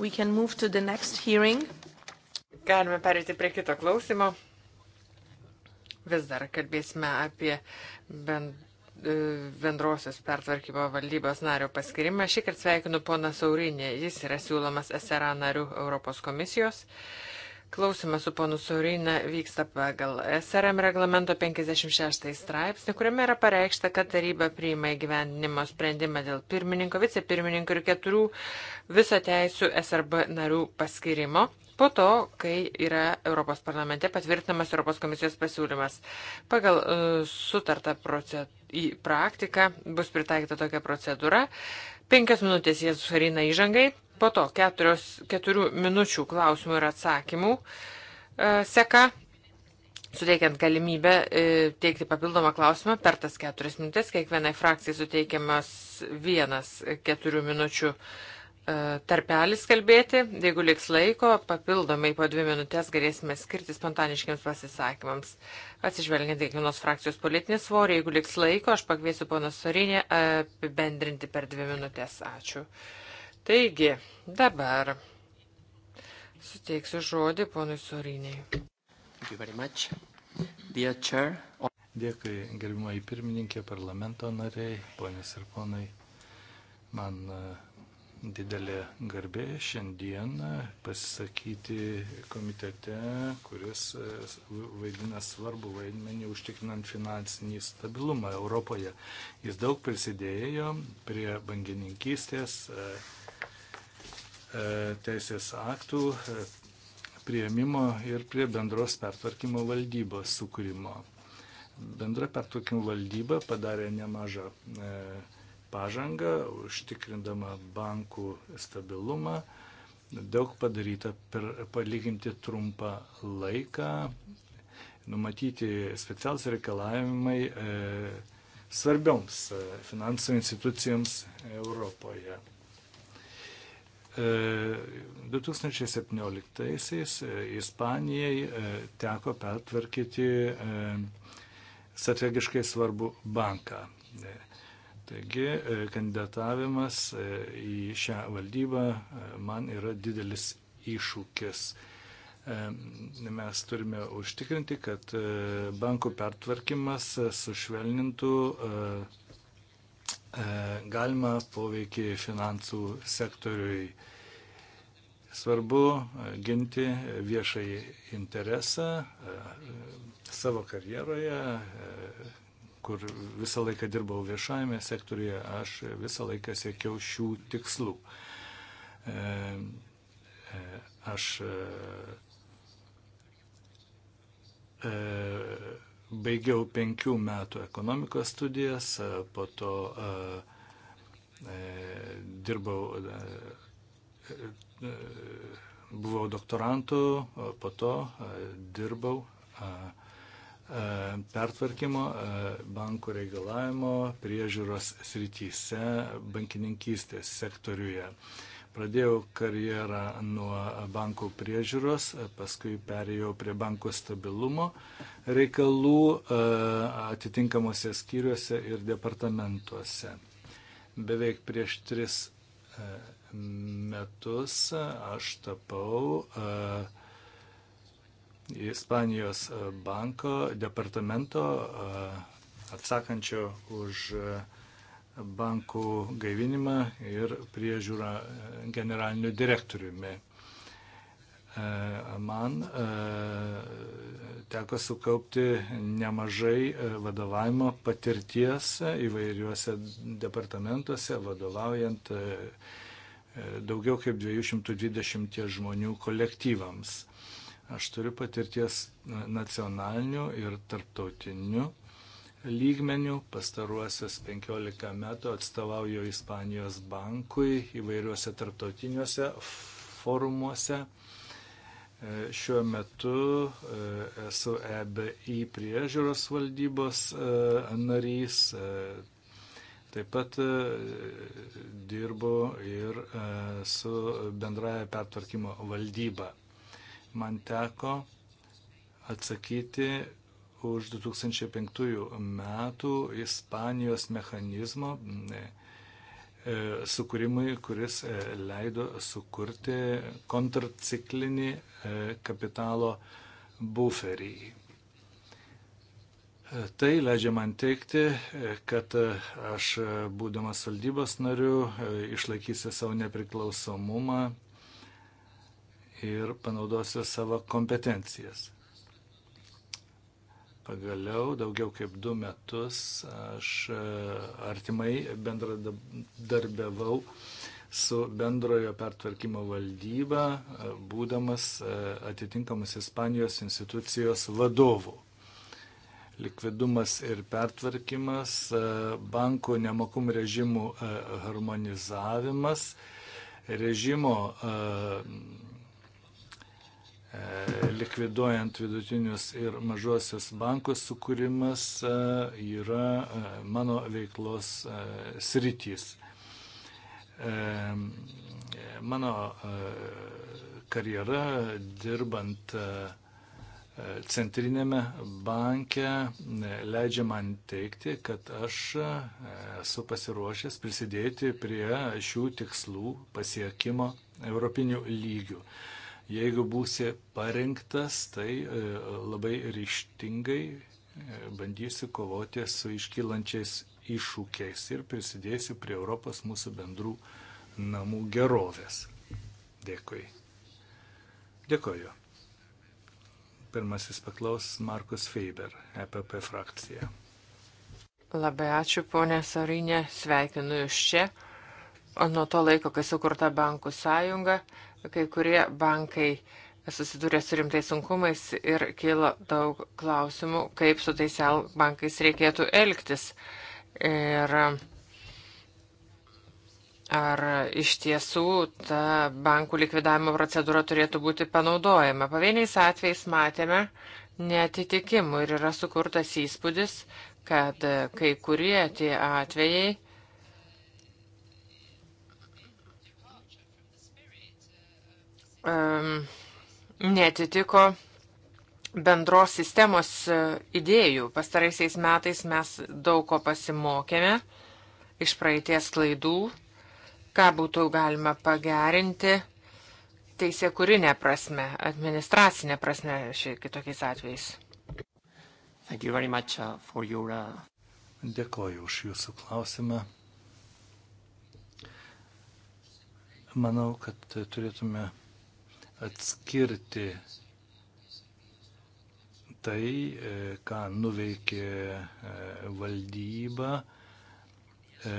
We can move to the next hearing. Galime perėti prie kito klausimo. Vis dar kalbėsime apie bend, e, bendrosios pertvarkymo valdybos nario paskirimą. Šį kartą sveikinu poną Saurinį. Jis yra siūlomas SRA narių Europos komisijos. Uh, Klausimas su ponu Saurina vyksta pagal SRM reglamento 56 straipsnį, kuriame yra pareikšta, kad taryba priima įgyvendinimo sprendimą dėl pirmininko, vicepirmininko ir keturių viso teisų SRB narių paskirimo. Po to, kai yra Europos parlamente patvirtinamas Europos komisijos pasiūlymas, pagal uh, sutartą praktiką bus pritaikyta tokia procedūra. Penkias minutės jie surina įžangai, Po to keturios, keturių minučių klausimų ir atsakymų e, seka, suteikiant galimybę e, teikti papildomą klausimą per tas keturias minutės. Kiekvienai frakcijai suteikiamas vienas keturių minučių e, tarpelis kalbėti. Jeigu liks laiko, papildomai po dvi minutės galėsime skirti spontaniškiams pasisakymams. Atsižvelgiant kiekvienos frakcijos politinį svorį, jeigu liks laiko, aš pakviesiu poną Sorinį apibendrinti per dvi minutės. Ačiū. Taigi, dabar suteiksiu žodį ponui Soriniai. Dėkui, gerbimoji pirmininkė, parlamento nariai, ponės ir ponai. Man e, didelė garbė šiandien e, pasisakyti komitete, kuris e, vaidina svarbu vaidmenį užtikrinant finansinį stabilumą Europoje. Jis daug prisidėjo prie bankininkystės E, teisės aktų e, prieimimo ir prie bendros pertvarkymo valdybos sukūrimo. Bendra pertvarkymo valdyba padarė nemažą e, pažangą, užtikrindama bankų stabilumą. Daug padaryta per palyginti trumpą laiką, numatyti specialus reikalavimai e, svarbioms finansų institucijoms Europoje. 2017-aisiais e, e, Ispanijai e, teko pertvarkyti strategiškai svarbu banką. Taigi kandidatavimas į šią valdybą man yra didelis iššūkis mes turime užtikrinti, kad bankų pertvarkymas sušvelnintų E, galima poveikį finansų sektoriui. Svarbu e, ginti viešai interesą e, savo karjeroje, kur visą laiką dirbau viešajame sektoriuje, aš visą laiką siekiau šių tikslų. Aš baigiau penkių metų ekonomikos studijas, e, po to e, e, dirbau, buvau doktorantu, po to dirbau pertvarkymo, bankų reikalavimo, priežiūros srityse, bankininkystės sektoriuje. Pradėjau karjerą nuo bankų priežiūros, paskui perėjau prie bankų stabilumo reikalų e, atitinkamuose skyriuose ir departamentuose. Beveik prieš tris e, metus aš tapau e, Ispanijos banko departamento atsakančio už bankų gaivinimą ir priežiūrą e, generaliniu direktoriumi. E, man e, teko sukaupti nemažai vadovavimo patirties įvairiuose departamentuose, vadovaujant daugiau kaip 220 žmonių kolektyvams. Aš turiu patirties nacionaliniu ir tarptautiniu lygmenių. Pastaruosius 15 metų atstovauju Ispanijos bankui įvairiuose tarptautiniuose forumuose. E, šiuo metu e, esu EBI priežiūros valdybos e, narys. Taip pat dirbu ir su bendraja pertvarkymo valdyba. Man teko atsakyti už 2005 metų Ispanijos mechanizmo e, e, sukūrimui, kuris e, leido sukurti kontraciklinį kapitalo buferį. Tai leidžia man teikti, kad aš, būdamas valdybos nariu, išlaikysiu savo nepriklausomumą ir panaudosiu savo kompetencijas. Pagaliau daugiau kaip du metus aš e, artimai bendradarbiavau su bendrojo pertvarkymo valdyba, e, būdamas e, atitinkamas Ispanijos institucijos vadovu. Likvidumas ir pertvarkymas, bankų nemokumų režimų harmonizavimas, režimo E, likviduojant vidutinius ir mažuosius bankus sukūrimas e, yra e, mano veiklos sritys. Mano karjera dirbant centrinėme banke leidžia man teikti, kad aš esu pasiruošęs prisidėti prie šių tikslų pasiekimo europinių lygių. Jeigu būsi parinktas, tai e, labai ryštingai e, bandysiu kovoti su iškylančiais iššūkiais ir prisidėsiu prie Europos mūsų bendrų namų gerovės. Dėkui. Dėkoju. Pirmasis paklaus Markus Feiber, EPP frakcija. Labai ačiū, ponė Sarinė, sveikinu iš čia. O nuo to laiko, kai sukurta bankų sąjunga, kai kurie bankai susidūrė su rimtais sunkumais ir kilo daug klausimų, kaip su tais bankais reikėtų elgtis. Ir ar iš tiesų ta bankų likvidavimo procedūra turėtų būti panaudojama. Pavieniais atvejais matėme netitikimų ir yra sukurtas įspūdis, kad kai kurie tie atvejai um, netitiko bendros sistemos e, idėjų. Pastaraisiais metais mes daug ko pasimokėme iš praeities klaidų, ką būtų galima pagerinti teisėkurinė prasme, administracinė prasme šiai kitokiais atvejais. Much, uh, your, uh... Dėkoju už jūsų klausimą. Manau, kad turėtume atskirti tai, e, ką nuveikė e, valdyba, e,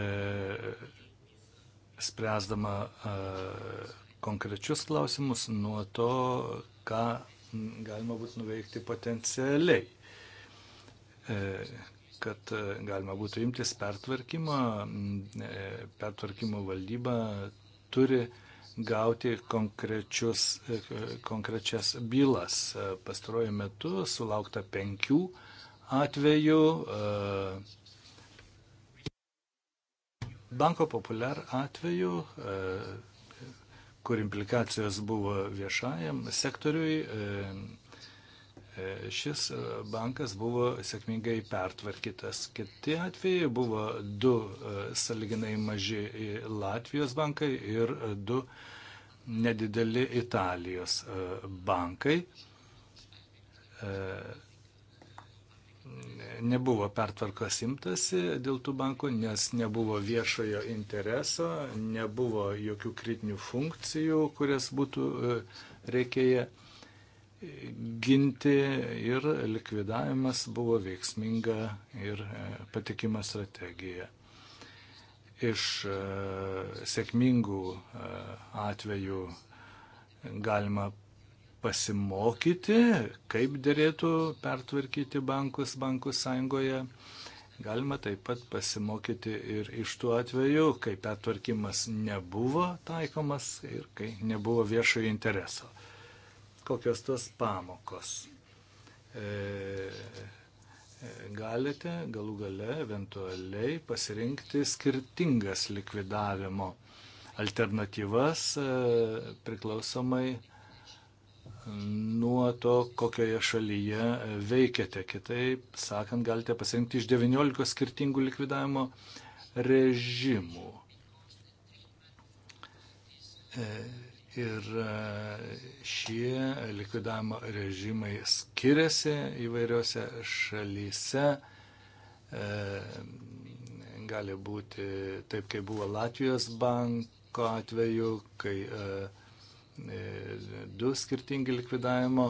spręsdama konkrečius klausimus nuo to, ką galima būtų nuveikti potencialiai, kad galima būtų imtis pertvarkymą, pertvarkymo valdyba turi uh, gauti konkrečias bylas. Pastaruoju metu sulaukta penkių atvejų. E, Banko populiar atveju, e, kur implikacijos buvo viešajam sektoriui, e, Šis e, bankas buvo sėkmingai pertvarkytas. Kiti atvejai buvo du e, saliginai maži Latvijos bankai ir du nedideli Italijos e, bankai. Nebuvo pertvarkos imtasi dėl tų bankų, nes nebuvo viešojo intereso, nebuvo jokių kritinių funkcijų, kurias būtų reikėję ginti ir likvidavimas buvo veiksminga ir e, patikima strategija. Iš e, sėkmingų e, atvejų galima pasimokyti, kaip dėlėtų pertvarkyti bankus bankų sąjungoje. Galima taip pat pasimokyti ir iš tų atvejų, kai pertvarkymas nebuvo taikomas ir kai nebuvo viešojo intereso kokios tos pamokos. E, e, galite galų gale eventualiai pasirinkti skirtingas likvidavimo alternatyvas e, priklausomai nuo to, kokioje šalyje veikiate. Kitaip sakant, galite pasirinkti iš 19 skirtingų likvidavimo režimų. Ir e, šie likvidavimo režimai skiriasi įvairiose šalyse. E, gali būti taip, kaip buvo Latvijos banko atveju, kai e, du skirtingi likvidavimo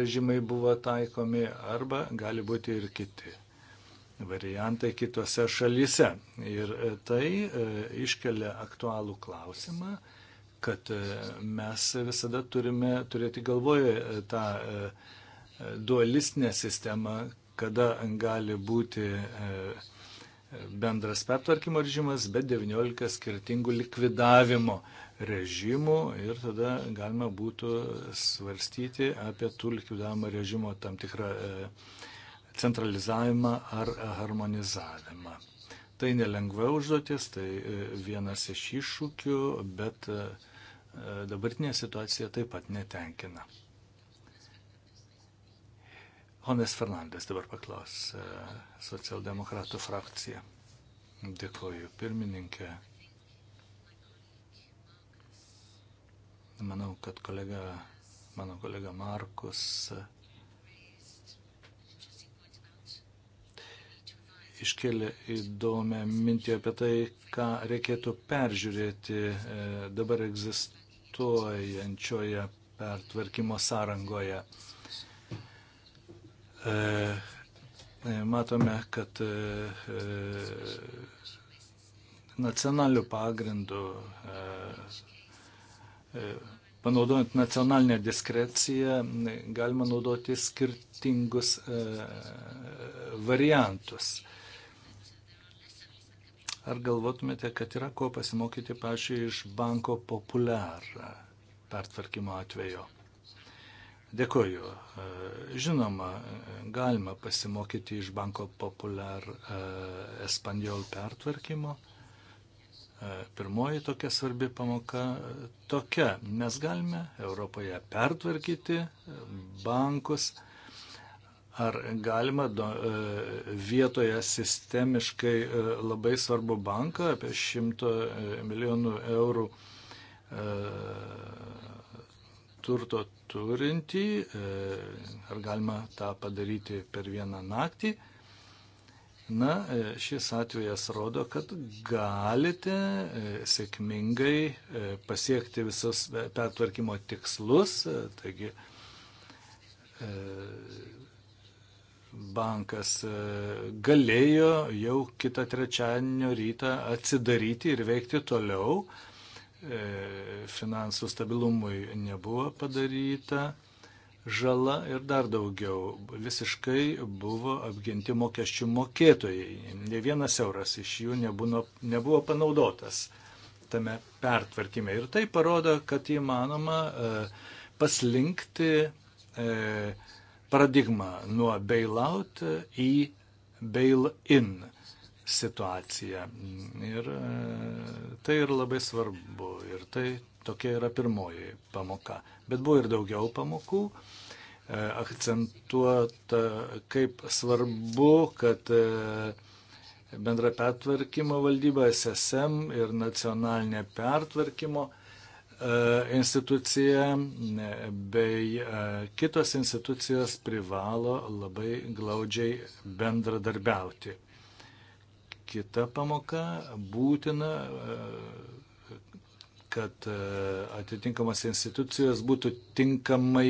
režimai buvo taikomi, arba gali būti ir kiti variantai kitose šalyse. Ir tai iškelia aktualų klausimą kad e, mes visada turime turėti galvoje e, tą e, dualistinę sistemą, kada gali būti bendras pertvarkymo režimas, bet 19 skirtingų likvidavimo režimų ir tada galima būtų svarstyti apie tų likvidavimo režimo tam tikrą centralizavimą ar harmonizavimą. Tai nelengva užduotis, tai vienas iš iššūkių, bet uh, E, dabartinė situacija taip pat netenkina. Honas Fernandes dabar paklaus e, socialdemokratų frakciją. Dėkoju pirmininkė. Manau, kad kolega, mano kolega Markus iškėlė įdomią mintį apie tai, ką reikėtų peržiūrėti e, dabar egzistuojant egzistuojančioje pertvarkymo sąrangoje. E, e, matome, kad e, nacionalių pagrindų, panaudojant nacionalinę diskreciją, galima naudoti skirtingus variantus. Ar galvotumėte, kad yra ko pasimokyti, pažiūrėjau, iš banko populiar pertvarkymo atvejo? Dėkoju. E, žinoma, galima pasimokyti iš banko populiar e, espanjol pertvarkymo. E, pirmoji tokia svarbi pamoka tokia. Mes galime Europoje pertvarkyti bankus Ar galima do, e, vietoje sistemiškai e, labai svarbu banką apie 100 e, milijonų eurų turto turintį, ar galima tą padaryti per vieną naktį? Na, šis atvejas rodo, kad galite sėkmingai pasiekti visus pertvarkymo tikslus, taigi bankas e, galėjo jau kitą trečiadienio rytą atsidaryti ir veikti toliau. E, finansų stabilumui nebuvo padaryta žala ir dar daugiau. Visiškai buvo apginti mokesčių mokėtojai. Ne vienas euras iš jų nebuvo, nebuvo panaudotas tame pertvarkime. Ir tai parodo, kad įmanoma e, paslinkti paradigmą nuo bailout į bail-in situaciją. Ir e, tai ir labai svarbu. Ir tai tokia yra pirmoji pamoka. Bet buvo ir daugiau pamokų. E, akcentuota, kaip svarbu, kad e, bendra pertvarkymo valdyba SSM ir nacionalinė pertvarkymo valdyba E, institucija bei e, kitos institucijos privalo labai glaudžiai bendradarbiauti. Kita pamoka būtina e, kad atitinkamos institucijos būtų tinkamai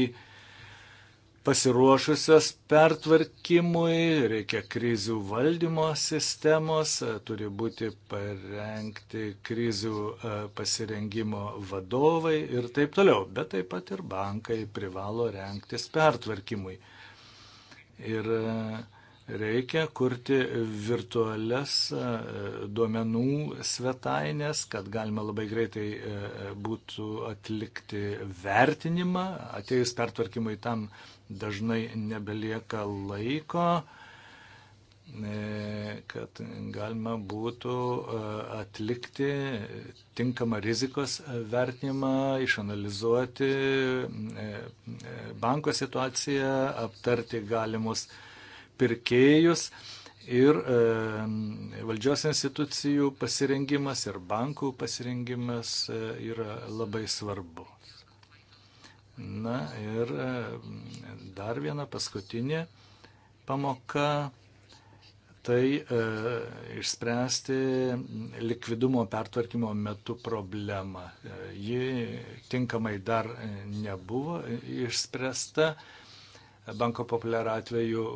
pasiruošusios pertvarkymui, reikia krizių valdymo sistemos, turi būti parengti krizių e, pasirengimo vadovai ir taip toliau. Bet taip pat ir bankai privalo renktis pertvarkymui. Ir e, reikia kurti virtualias e, duomenų svetainės, kad galima labai greitai būtų atlikti vertinimą, atėjus pertvarkymui tam, dažnai nebelieka laiko, e, kad galima būtų e, atlikti tinkamą rizikos e, vertinimą, išanalizuoti banko situaciją, aptarti galimus pirkėjus ir valdžios institucijų pasirengimas ir bankų pasirengimas yra labai svarbu. Na ir e, dar viena paskutinė pamoka - tai e, išspręsti likvidumo pertvarkymo metu problemą. E, ji tinkamai dar nebuvo išspręsta. Banko populiar atveju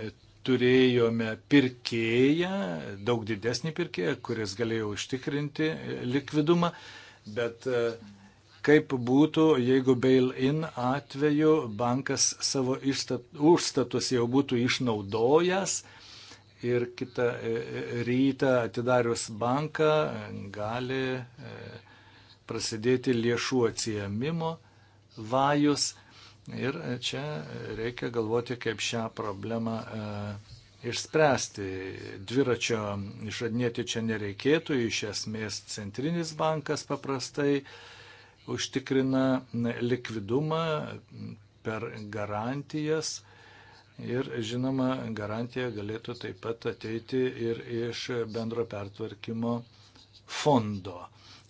e, turėjome pirkėją, daug didesnį pirkėją, kuris galėjo užtikrinti likvidumą, bet e, kaip būtų, jeigu bail-in atveju bankas savo išstat, užstatus jau būtų išnaudojęs ir kitą e, e, rytą atidarius banką gali e, prasidėti lėšų atsijėmimo vajus. Ir čia reikia galvoti, kaip šią problemą e, išspręsti. Dviračio išradinėti čia nereikėtų, iš esmės centrinis bankas paprastai e, užtikrina likvidumą per garantijas. Ir žinoma, garantija galėtų taip pat ateiti ir iš bendro pertvarkymo fondo.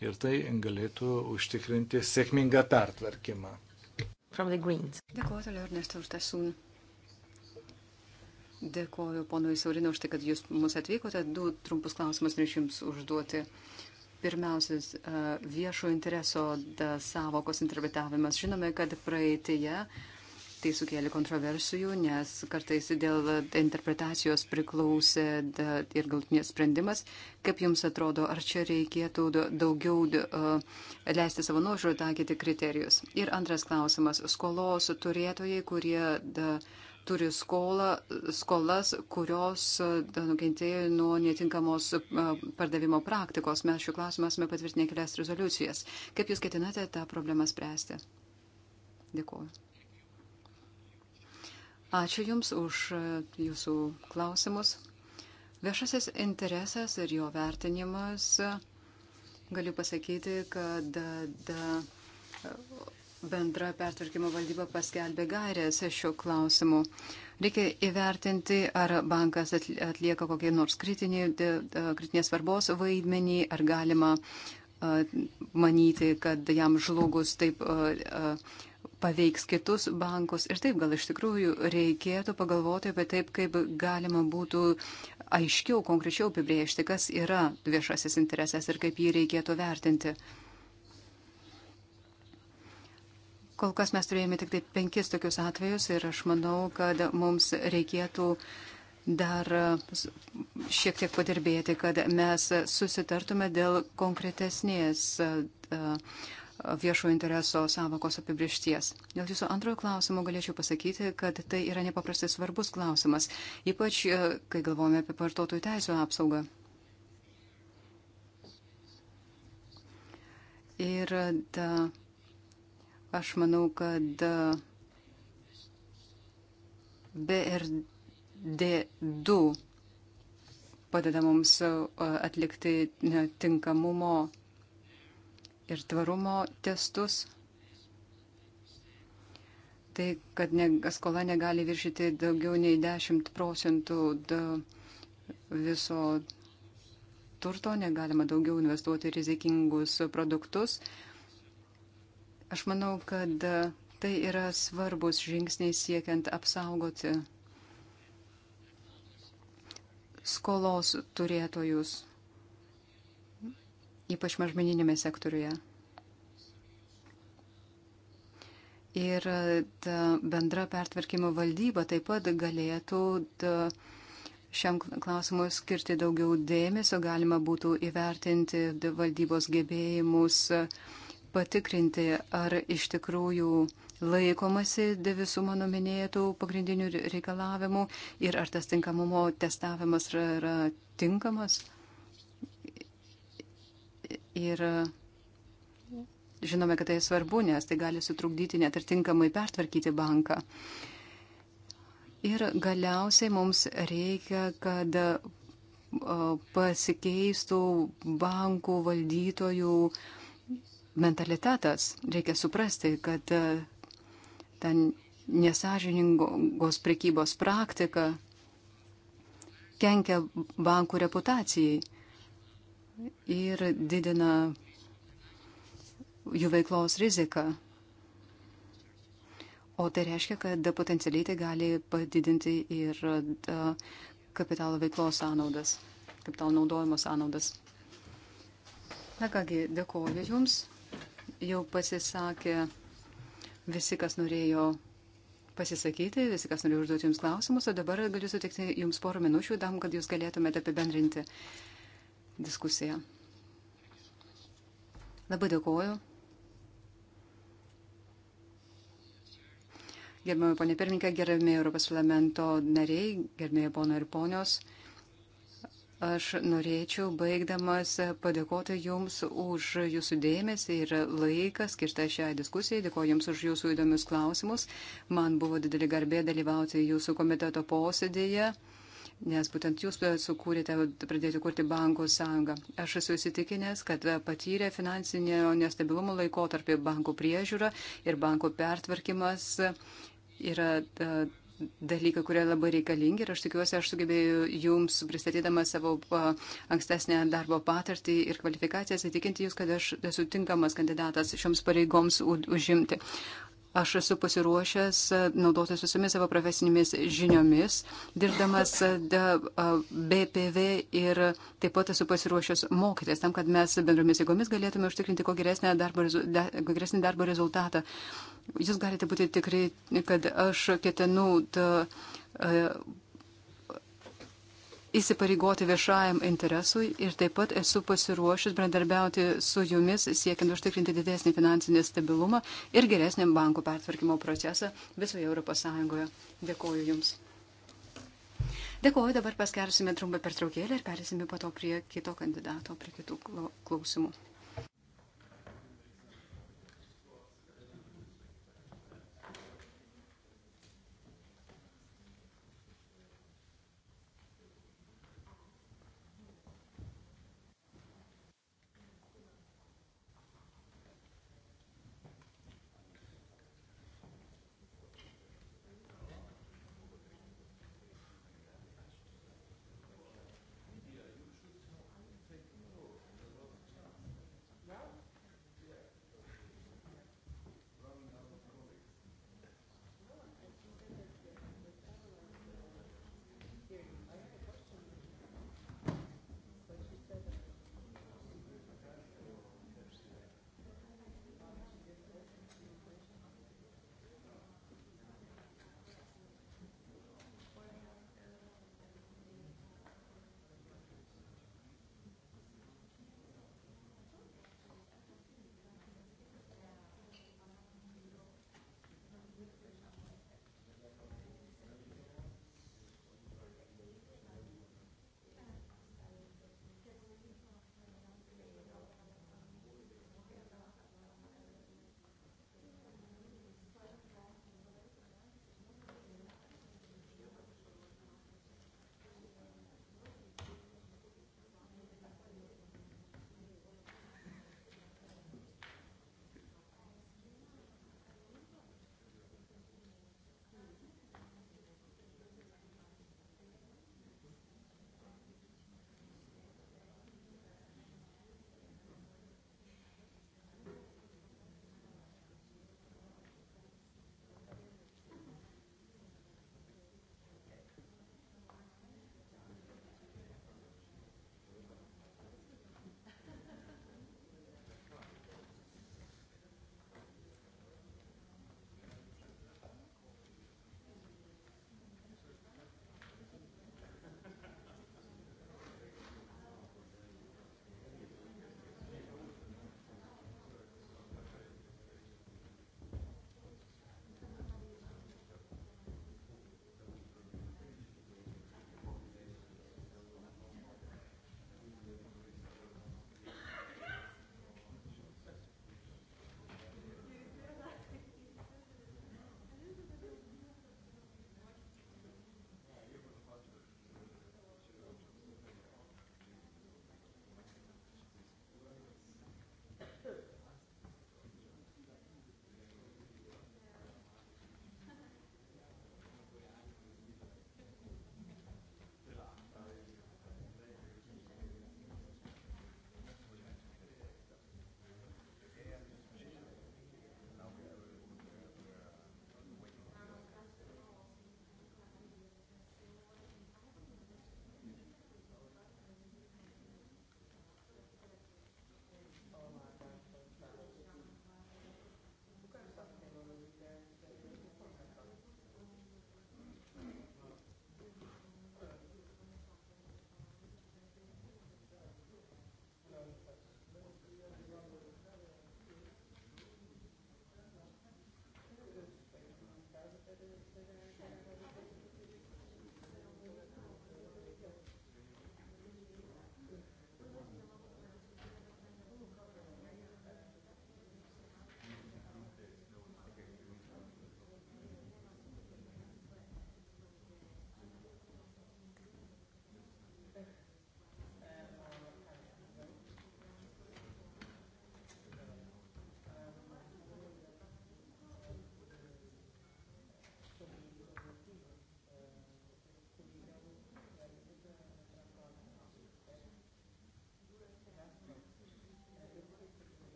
Ir tai galėtų užtikrinti sėkmingą pertvarkymą. Dėkuoju toliau Ernestui už tą sūnų. Dėkuoju ponui Saurinu už tai, kad jūs mus atvykote. Du trumpus klausimus norėčiau jums užduoti. Uh, Pirmiausias viešo intereso savokos interpretavimas. Žinome, kad praeitėje tai sukėlė kontroversijų, nes kartais dėl interpretacijos priklausė ir galtinės sprendimas. Kaip Jums atrodo, ar čia reikėtų daugiau leisti savo nuožiūrą taikyti kriterijus? Ir antras klausimas - skolos turėtojai, kurie. Da, turi skolą, skolas, kurios e, nukentėjo nuo netinkamos e, pardavimo praktikos. Mes šiuo klausimu esame patvirtinę kelias rezoliucijas. Kaip Jūs ketinate tą problemą spręsti? Dėkuoju. Ačiū Jums už e, Jūsų klausimus. Viešasis interesas ir jo vertinimas, galiu pasakyti, kad da, da, bendra pertvarkymo valdyba paskelbė gairės šiuo klausimu. Reikia įvertinti, ar bankas atlieka kokį nors kritinį, kritinės svarbos vaidmenį, ar galima manyti, kad jam žlugus taip paveiks kitus bankus. Ir taip gal iš tikrųjų reikėtų pagalvoti apie taip, kaip galima būtų aiškiau, konkrečiau apibriežti, kas yra viešasis interesas ir kaip jį reikėtų vertinti. Kol kas mes turėjome tik tai penkis tokius atvejus ir aš manau, kad mums reikėtų dar šiek tiek padirbėti, kad mes susitartume dėl konkretesnės viešo intereso savokos apibriešties. Dėl jūsų antrojo klausimo galėčiau pasakyti, kad tai yra nepaprastai svarbus klausimas, ypač kai galvojame apie vartotojų teisų apsaugą. Ir ta, da Aš manau, kad e, BRD2 padeda mums e, atlikti e, tinkamumo ir tvarumo testus. Tai, kad ne, skola negali viršyti daugiau nei 10 procentų viso turto, negalima daugiau investuoti rizikingus produktus. Uh, Aš manau, kad e, tai yra svarbus žingsniai siekiant apsaugoti skolos turėtojus, ypač mažmeninėme sektoriuje. Ir e, ta bendra pertvarkymo valdyba taip pat galėtų šiam klausimui skirti daugiau dėmesio, galima būtų įvertinti valdybos gebėjimus uh, patikrinti, ar iš tikrųjų laikomasi visų mano minėtų pagrindinių reikalavimų ir ar tas tinkamumo testavimas yra, yra tinkamas. Ir žinome, kad tai svarbu, nes tai gali sutrukdyti net ir tinkamai pertvarkyti banką. Ir galiausiai mums reikia, kad pasikeistų bankų valdytojų uh, mentalitetas. Reikia suprasti, kad e, ta nesažiningos prekybos praktika kenkia bankų reputacijai ir didina jų veiklos riziką. O tai reiškia, kad potencialiai tai gali padidinti ir e, kapitalo veiklos sąnaudas, kapitalo naudojimo sąnaudas. Na kągi, dėkoju Jums jau pasisakė visi, kas norėjo pasisakyti, visi, kas norėjo užduoti jums klausimus, o dabar galiu sutikti jums porą minučių tam, kad jūs galėtumėte apibendrinti diskusiją. Labai dėkoju. Gerbėjai ponė pirmininkė, gerbėjai Europos parlamento nariai, gerbėjai pono ir ponios. Aš norėčiau, baigdamas, padėkoti Jums už Jūsų dėmesį ir laiką skirtą šią diskusiją. Dėkoju Jums už Jūsų įdomius klausimus. Man buvo didelį garbė dalyvauti Jūsų komiteto posėdėje, nes būtent Jūs sukūrėte, pradėjote kurti bankų sąjungą. Aš esu įsitikinęs, kad patyrė finansinio nestabilumo laikotarpį bankų priežiūra ir bankų pertvarkymas yra. Ta, dalykai, kurie labai reikalingi ir aš tikiuosi, aš sugebėjau jums, pristatydama savo ankstesnę darbo patirtį ir kvalifikacijas, įtikinti jūs, kad aš esu tinkamas kandidatas šioms pareigoms užimti. Aš esu pasiruošęs e, naudotis visomis savo profesinėmis žiniomis, dirbdamas e, BPV ir taip pat esu pasiruošęs mokytis tam, kad mes bendromis jėgomis galėtume užtikrinti kuo geresnį darbo, geresnį darbo rezultatą. Jūs galite būti tikri, kad aš ketinu. Ta, e, įsipareigoti viešajam interesui ir taip pat esu pasiruošęs bendarbiauti su jumis, siekiant užtikrinti didesnį finansinį stabilumą ir geresnį bankų pertvarkymo procesą visoje ES. Dėkoju Jums. Dėkoju, dabar paskersime trumpą pertraukėlę ir perėsime po to prie kito kandidato, prie kitų klausimų.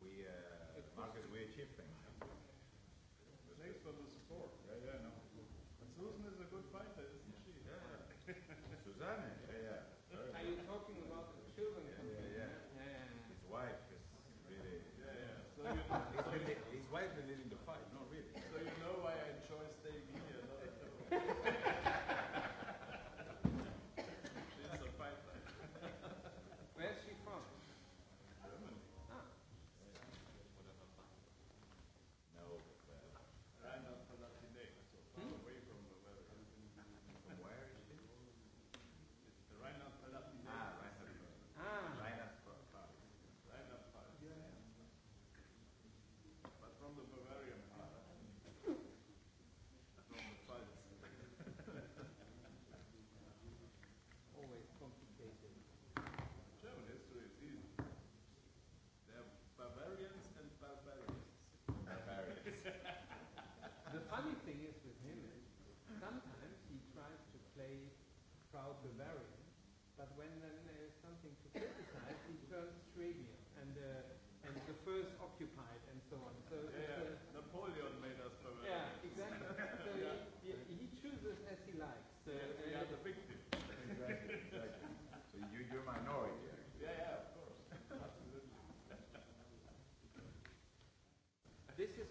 We, uh, Marcus, we achieved things. Thanks for the support. Yeah, yeah, no. And Susan is a good fighter, isn't she? Yeah. Susanne.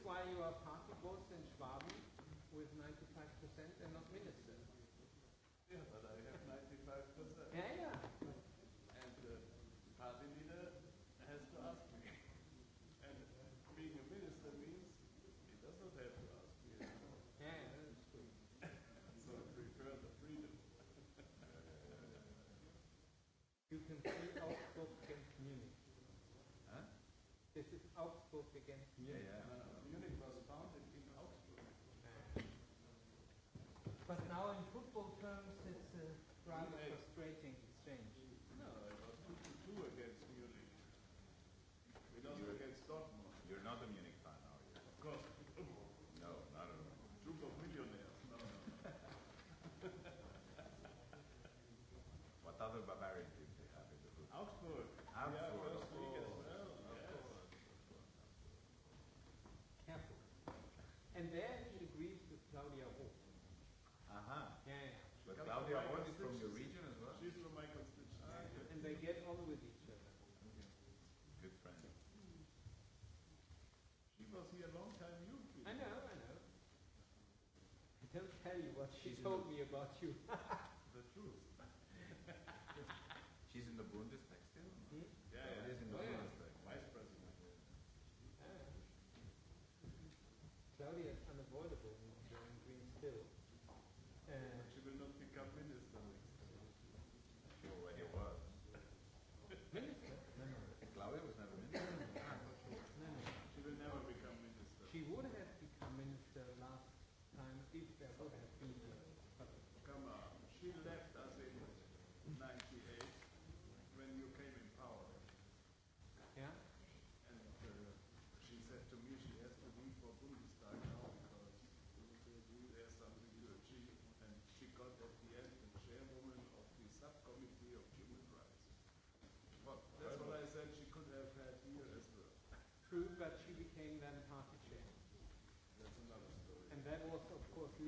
why your party votes in Schwaben with 95% and not ministers. Yeah, but I have 95%. Yeah, yeah. And the uh, party leader has to ask me. And uh, being a minister means he does not have to ask me anymore. Yeah, yeah. that's true. so I prefer the freedom. you can see Augsburg against Munich. Huh? This is Augsburg against Munich. Yeah, yeah. she told the, me about you. the truth. She's in the Bundestag still? Hmm? Yeah, yeah. Oh, yeah.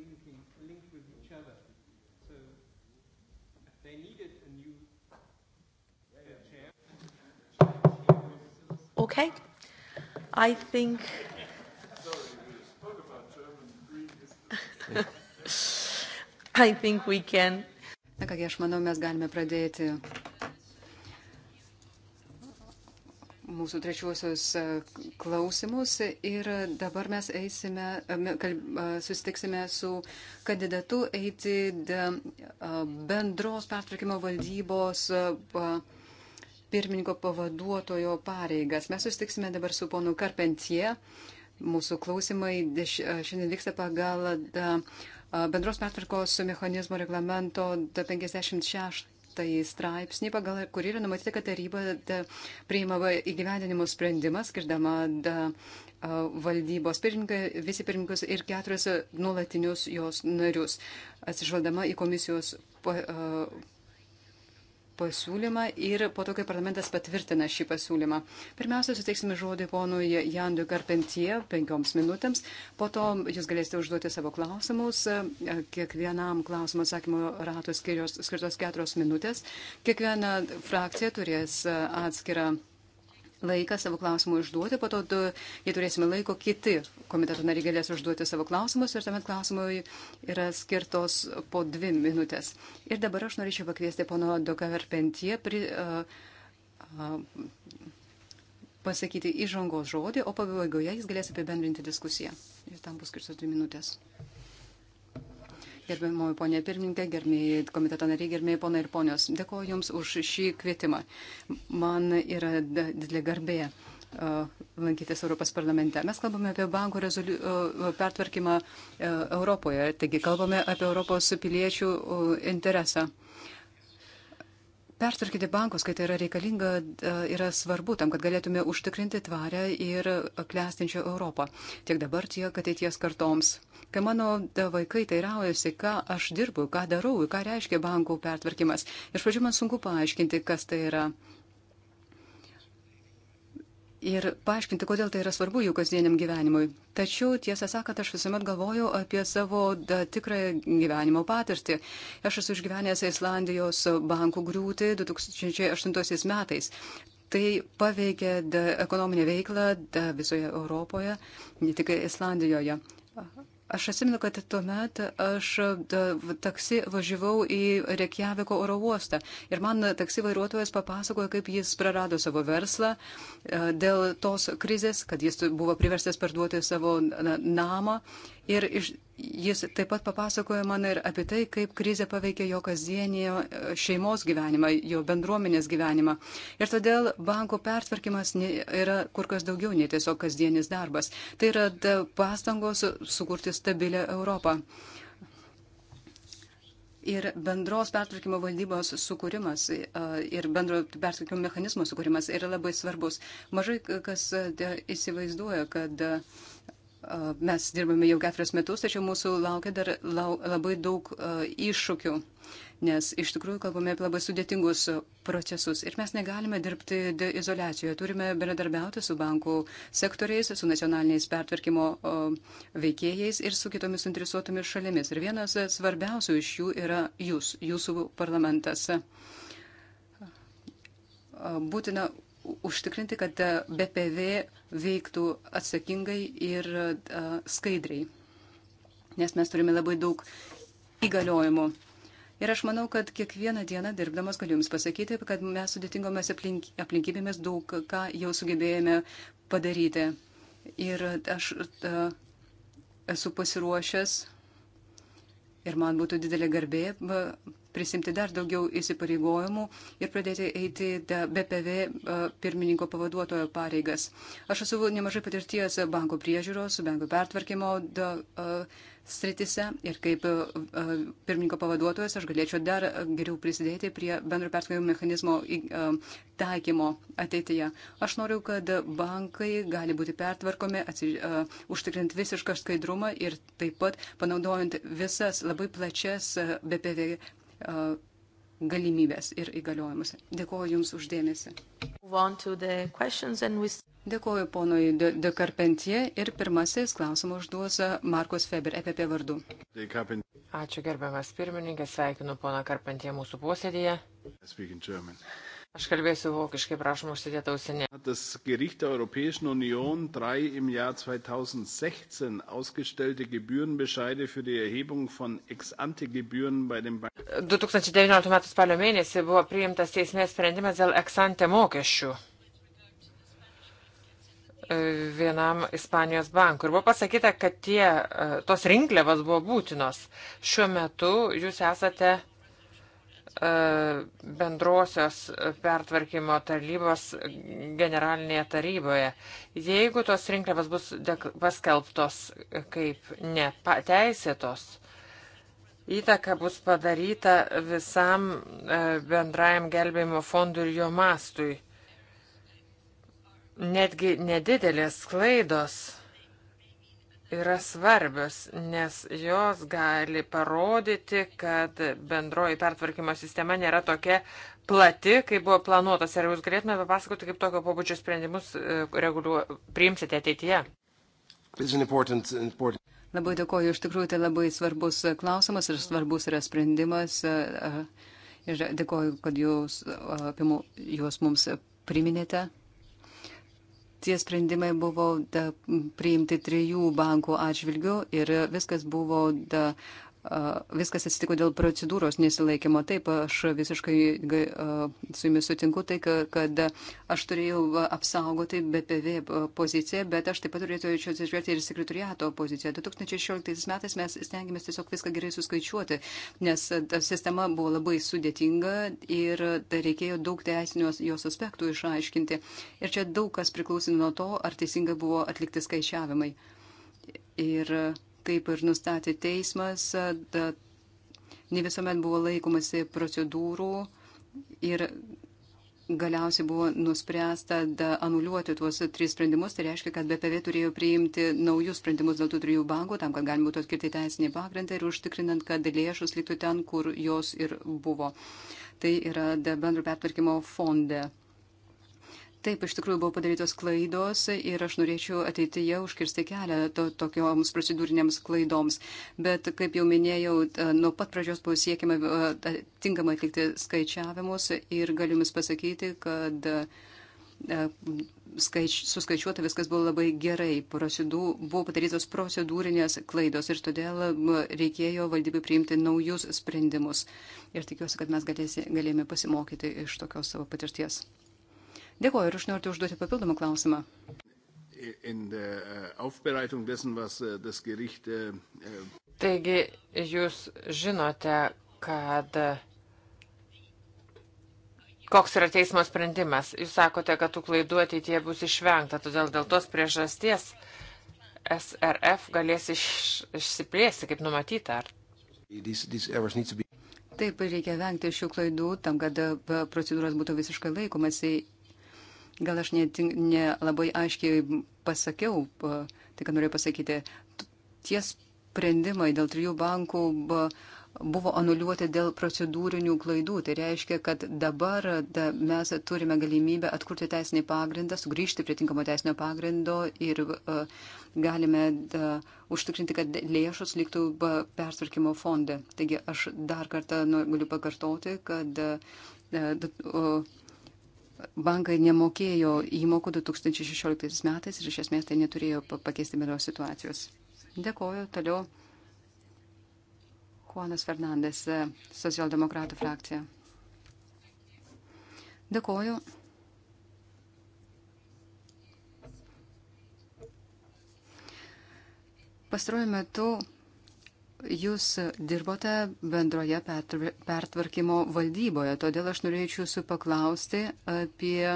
linking, linked with each other. So they needed a new uh, chair. Okay. I think. I think we can. Na kągi, aš manau, mes galime pradėti mūsų trečiuosius e, klausimus ir dabar mes eisime, e, e, susitiksime su kandidatu eiti bendros pertvarkymo valdybos pirmininko pavaduotojo pareigas. Mes susitiksime dabar su ponu Karpentie. Mūsų klausimai šiandien vyksta pagal bendros pertvarkos mechanizmo reglamento 56 tai straipsnį, pagal kurį yra numatyta, kad taryba priima įgyvendinimo sprendimą, skirdama da, valdybos pirmininką, visi pirmininkus ir keturis nuolatinius jos narius, atsižvaldama į komisijos. Pa, a, pasiūlymą ir po to, kai parlamentas patvirtina šį pasiūlymą. Pirmiausia, suteiksime žodį ponui Jandui Karpentie penkioms minutėms, po to jūs galėsite užduoti savo klausimus, kiekvienam klausimo atsakymo ratų skirtos keturios minutės, kiekviena frakcija turės atskirą laiką savo klausimų užduoti, po to jei turėsime laiko, kiti komiteto nariai galės užduoti savo klausimus ir tuomet klausimui yra skirtos po dvi minutės. Ir dabar aš norėčiau pakviesti pono Doka Verpentie pri, uh, uh, pasakyti įžangos žodį, o pabaigoje jis galės apibendrinti diskusiją. Ir tam bus skirtos dvi minutės. Gerbimoji ponė pirmininkė, gerbėjai komiteto nariai, gerbėjai ponai ir ponios, dėkoju Jums už šį kvietimą. Man yra didelė garbė lankytis Europos parlamente. Mes kalbame apie bankų rezoliu... pertvarkymą Europoje, taigi kalbame apie Europos piliečių interesą. Pertvarkyti bankus, kai tai yra reikalinga, e, yra svarbu tam, kad galėtume užtikrinti tvarę ir klestinčią Europą. Tiek dabar, tiek ateities kartoms. Kai mano e, vaikai teiraujasi, ką aš dirbu, ką darau, ką reiškia bankų pertvarkymas, iš pradžių man sunku paaiškinti, kas tai yra ir paaiškinti, kodėl tai yra svarbu jų kasdieniam gyvenimui. Tačiau, tiesą sakant, aš visuomet galvojau apie savo da, tikrąją gyvenimo patirtį. Aš esu išgyvenęs Islandijos bankų griūtį 2008 metais. Tai paveikė da, ekonominę veiklą da, visoje Europoje, ne tik Islandijoje. Aš atsimenu, kad tuomet aš taksi važiavau į Reikjaviko oro uostą ir man taksi vairuotojas papasakojo, kaip jis prarado savo verslą e, dėl tos krizės, kad jis buvo priverstas parduoti savo namą Ir iš, jis taip pat papasakojo man ir apie tai, kaip krizė paveikė jo kasdienį e, šeimos gyvenimą, jo bendruomenės gyvenimą. Ir todėl banko pertvarkymas yra kur kas daugiau nei tiesiog kasdienis darbas. Tai yra pastangos sukurti stabilę Europą. Ir bendros pertvarkymo valdybos sukūrimas e, ir bendro pertvarkymo mechanizmo sukūrimas yra labai svarbus. Mažai kas e, įsivaizduoja, kad uh, Mes dirbame jau keturis metus, tačiau mūsų laukia dar lau, labai daug iššūkių, nes iš tikrųjų kalbame apie labai sudėtingus procesus ir mes negalime dirbti izolacijoje. Turime bendradarbiauti su bankų sektoriais, su nacionaliniais pertvarkymo veikėjais ir su kitomis interesuotomis šalimis. Ir vienas svarbiausių iš jų yra jūs, jūsų parlamentas būtina užtikrinti, kad e, BPV veiktų atsakingai ir e, skaidriai, nes mes turime labai daug įgaliojimų. Ir aš manau, kad kiekvieną dieną dirbdamas galiu Jums pasakyti, kad mes sudėtingomis aplink, aplinkybėmis daug ką jau sugebėjome padaryti. Ir aš ta, e, esu pasiruošęs ir man būtų didelė garbė prisimti dar daugiau įsipareigojimų ir pradėti eiti BPV pirmininko pavaduotojo pareigas. Aš esu nemažai patirties banko priežiūros, banko pertvarkymo sritise ir kaip pirmininko pavaduotojas aš galėčiau dar geriau prisidėti prie bendro pertvarkymo mechanizmo taikymo ateityje. Aš noriu, kad bankai gali būti pertvarkomi, atsi, uh, užtikrint visišką skaidrumą ir taip pat panaudojant visas labai plačias BPV galimybės ir įgaliojimus. Dėkuoju Jums uždėmesi. Dėkuoju ponui De, De Carpentie ir pirmasis klausimą užduos Markus Feber apie pavardų. Ačiū gerbiamas pirmininkė, sveikinu poną Carpentie mūsų posėdėje. Aš kalbėsiu vokiškai, prašom užsidėti ausinę. Das Gericht der Europäischen Union 3 im Jahr 2016 ausgestellte Gebührenbescheide für die Erhebung von Ex-ante-Gebühren bei den Banken. 2019 m. spalio mėnesį buvo priimtas teismės sprendimas dėl ex-ante mokesčių e, vienam Ispanijos bankui. Ir buvo pasakyta, kad tie, e, tos rinkliavas buvo būtinos. Šiuo metu jūs esate E, bendrosios pertvarkymo tarybos generalinėje taryboje. Jeigu tos rinkliavas bus paskelbtos kaip neteisėtos, įtaka bus padaryta visam e, bendrajam gelbėjimo fondui ir jo mastui. Netgi nedidelės klaidos yra svarbios, nes jos gali parodyti, kad bendroji pertvarkymo sistema nėra tokia plati, kaip buvo planuotas. Ar jūs galėtumėte papasakoti, kaip tokio pobūdžio sprendimus e, reguliu... priimsite ateityje? Important, important. Labai dėkoju, iš tikrųjų tai labai svarbus klausimas ir svarbus yra sprendimas. E, e, ir dėkoju, kad jūs apie juos mums priminėte tie sprendimai buvo da, priimti trijų bankų atžvilgių ir viskas buvo da, viskas atsitiko dėl procedūros nesilaikymo. Taip, aš visiškai su jumis sutinku, tai kad aš turėjau apsaugoti BPV poziciją, bet aš taip pat turėčiau atsižvelgti ir sekretariato poziciją. 2016 metais mes stengiamės tiesiog viską gerai suskaičiuoti, nes ta sistema buvo labai sudėtinga ir tai reikėjo daug teisinių jos aspektų išaiškinti. Ir čia daug kas priklausė nuo to, ar teisingai buvo atlikti skaičiavimai. Ir uh, taip ir nustatė teismas, ne visuomet buvo laikomasi procedūrų ir galiausiai buvo nuspręsta anuliuoti tuos tris sprendimus. Tai reiškia, kad BPV turėjo priimti naujus sprendimus dėl tų trijų bankų, tam, kad galima būtų atskirti teisinį pagrindą ir užtikrinant, kad lėšus liktų ten, kur jos ir buvo. Tai yra bendro pertvarkymo fonde. Taip, iš tikrųjų buvo padarytos klaidos ir aš norėčiau ateityje užkirsti kelią to, tokioms procedūrinėms klaidoms. Bet, kaip jau minėjau, nuo pat pradžios buvo siekiama tinkamai atlikti skaičiavimus ir galiu Jums pasakyti, kad skaič, suskaičiuota viskas buvo labai gerai. Procedų, buvo padarytos procedūrinės klaidos ir todėl reikėjo valdybai priimti naujus sprendimus. Ir tikiuosi, kad mes galėsime pasimokyti iš tokios savo patirties. Dėkuoju ir aš noriu užduoti papildomą klausimą. Uh, uh, uh, Taigi, jūs žinote, kad koks yra teismo sprendimas. Jūs sakote, kad tų klaidų ateitie bus išvengta, todėl dėl tos priežasties SRF galės iš, išsiplėsti, kaip numatyta. Ar... Taip, reikia vengti šių klaidų tam, kad procedūros būtų visiškai laikomasi Gal aš nelabai ne aiškiai pasakiau, tai ką norėjau pasakyti, tie sprendimai dėl trijų bankų buvo anuliuoti dėl procedūrinių klaidų. Tai reiškia, kad dabar da, mes turime galimybę atkurti teisinį pagrindą, sugrįžti prie tinkamo teisinio pagrindo ir uh, galime da, užtikrinti, kad lėšos liktų persvarkymo fonde. Taigi aš dar kartą nu, galiu pakartoti, kad uh, uh, bankai nemokėjo įmokų 2016 metais ir iš esmės tai neturėjo pakeisti bendros situacijos. Dėkoju. Toliau Juanas Fernandes, socialdemokratų frakcija. Dėkoju. Pastaruoju metu Jūs dirbote bendroje pertvarkymo valdyboje, todėl aš norėčiau jūsų paklausti apie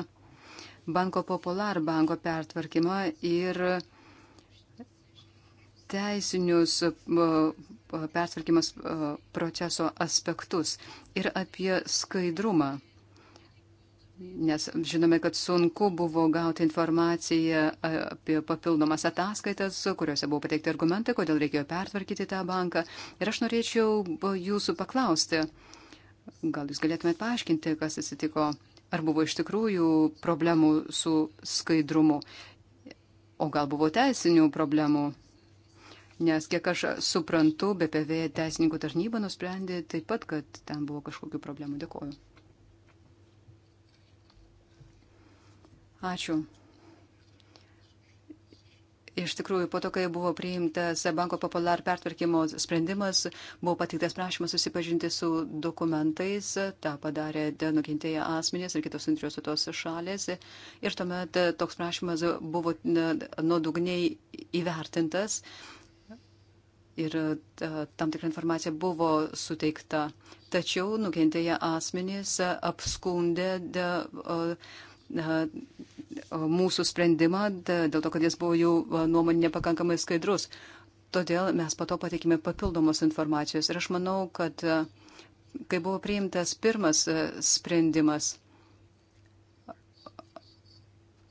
Banko Popular banko pertvarkymą ir teisinius pertvarkymas proceso aspektus ir apie skaidrumą. Nes žinome, kad sunku buvo gauti informaciją apie papildomas ataskaitas, kuriuose buvo pateikti argumentai, kodėl reikėjo pertvarkyti tą banką. Ir aš norėčiau jūsų paklausti, gal jūs galėtumėt paaiškinti, kas atsitiko, ar buvo iš tikrųjų problemų su skaidrumu, o gal buvo teisinių problemų. Nes, kiek aš suprantu, BPV teisininkų tarnyba nusprendė taip pat, kad ten buvo kažkokių problemų. Dėkuoju. Ačiū. Iš tikrųjų, po to, kai buvo priimtas Banko Popular pertvarkymo sprendimas, buvo patiktas prašymas susipažinti su dokumentais, tą padarė nukentėję asmenys ir kitos interesuotos šalės. Ir tuomet e, toks prašymas buvo nuodugniai įvertintas ir e, tam tikra informacija buvo suteikta. Tačiau nukentėję asmenys apskundė. De, de, mūsų sprendimą dėl to, kad jis buvo jų nuomonė nepakankamai skaidrus. Todėl mes pato pateikime papildomos informacijos. Ir aš manau, kad kai buvo priimtas pirmas sprendimas,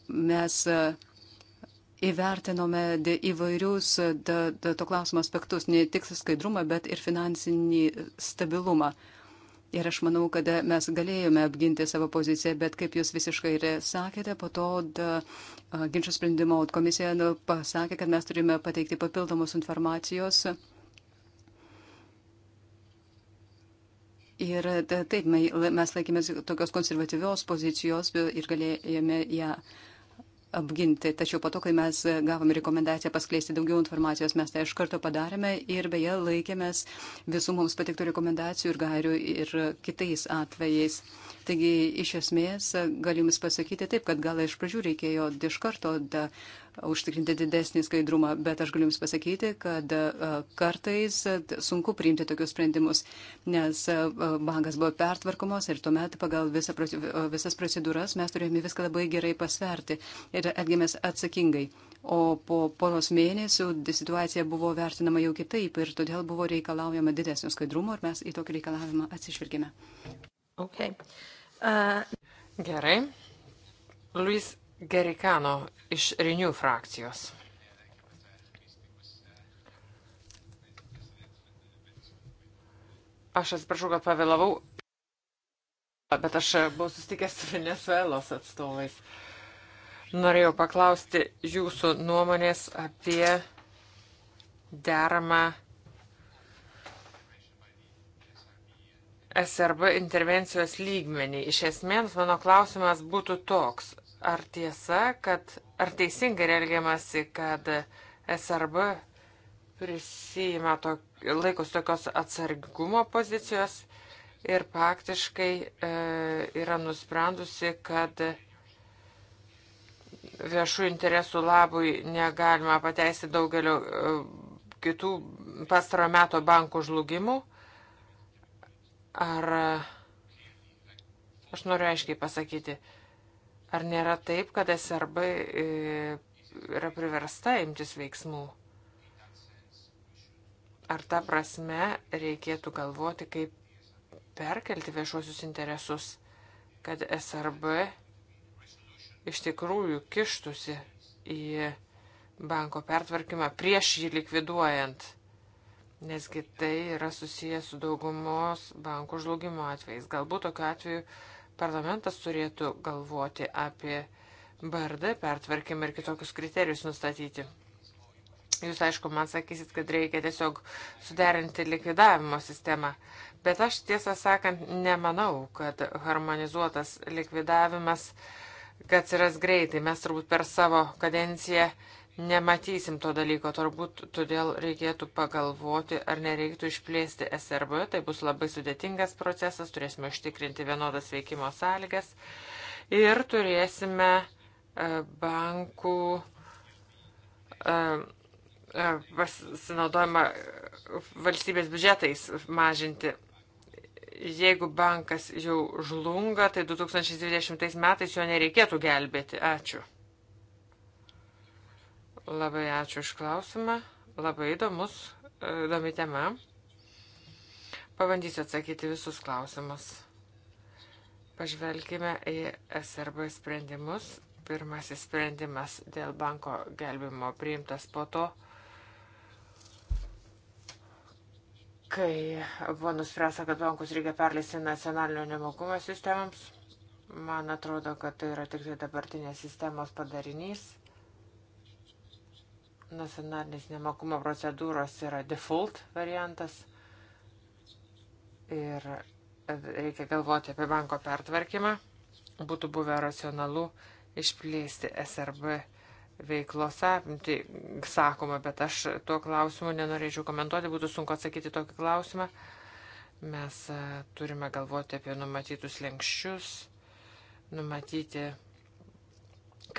mes įvertinome įvairius to klausimo aspektus, ne tik skaidrumą, bet ir finansinį stabilumą. Ir aš manau, kad mes galėjome apginti savo poziciją, bet kaip jūs visiškai ir sakėte, po to da, ginčio sprendimo komisija nu, pasakė, kad mes turime pateikti papildomos informacijos. Ir da, taip, mes laikėmės tokios konservatyvios pozicijos ir galėjome ją. Ja, apginti. Tačiau po to, kai mes gavome rekomendaciją paskleisti daugiau informacijos, mes tai iš karto padarėme ir beje laikėmės visų mums patiktų rekomendacijų ir gairių ir kitais atvejais. Taigi, iš esmės, galiu Jums pasakyti taip, kad gal iš pradžių reikėjo iš karto da, uh, užtikrinti didesnį skaidrumą, bet aš galiu Jums pasakyti, kad e, kartais sunku priimti tokius sprendimus, nes e, bankas buvo pertvarkomos ir tuomet pagal visą, e, visas procedūras mes turėjome viską labai gerai pasverti ir atgėmės atsakingai. O po poros mėnesių situacija buvo vertinama jau kitaip ir todėl buvo reikalaujama didesnio skaidrumo ir mes į tokį reikalavimą atsižvelgėme. Okay. Uh... Gerai. Luis Gerikano iš Renew frakcijos. Aš atsiprašau, kad pavėlavau, bet aš buvau susitikęs su Venezuelos atstovais. Norėjau paklausti jūsų nuomonės apie deramą SRB intervencijos lygmenį. Iš esmės, mano klausimas būtų toks. Ar tiesa, kad ar teisingai elgiamasi, kad SRB prisima to, laikus tokios atsargumo pozicijos ir faktiškai e, yra nusprendusi, kad viešų interesų labui negalima pateisti daugelio e, kitų pastaro meto bankų žlugimų. Ar aš noriu aiškiai pasakyti, e, Ar nėra taip, kad SRB e, yra priversta imtis veiksmų? Ar ta prasme reikėtų galvoti, kaip perkelti viešuosius interesus, kad SRB iš tikrųjų kištusi į banko pertvarkymą prieš jį likviduojant, nesgi tai yra susijęs su daugumos bankų žlugimo atvejais. Galbūt tokiu atveju Parlamentas turėtų galvoti apie BRD pertvarkymą ir kitokius kriterijus nustatyti. Jūs, aišku, man sakysit, kad reikia tiesiog suderinti likvidavimo sistemą, bet aš tiesą sakant nemanau, kad harmonizuotas likvidavimas, kad atsiras greitai. Mes turbūt per savo kadenciją nematysim to dalyko. Turbūt todėl reikėtų pagalvoti, ar nereiktų išplėsti SRB. Tai bus labai sudėtingas procesas, turėsime užtikrinti vienodas veikimo sąlygas ir turėsime e, bankų e, e, pasinaudojimą valstybės biudžetais mažinti jeigu bankas jau žlunga, tai 2020 metais jo nereikėtų gelbėti. Ačiū. Labai ačiū iš klausimą. Labai įdomus, e, įdomi tema. Pabandysiu atsakyti visus klausimus. Pažvelkime į SRB sprendimus. Pirmasis sprendimas dėl banko gelbimo priimtas po to, kai buvo nuspręsta, kad bankus reikia perleisti nacionalinio nemokumo sistemams. Man atrodo, kad tai yra tik tai dabartinės sistemos padarinys nacionalinės nemokumo procedūros yra default variantas ir reikia galvoti apie banko pertvarkymą. Būtų buvę racionalu išplėsti SRB veiklos apimti, sakoma, bet aš tuo klausimu nenorėčiau komentuoti, būtų sunku atsakyti tokį klausimą. Mes e, turime galvoti apie numatytus lenkščius, numatyti,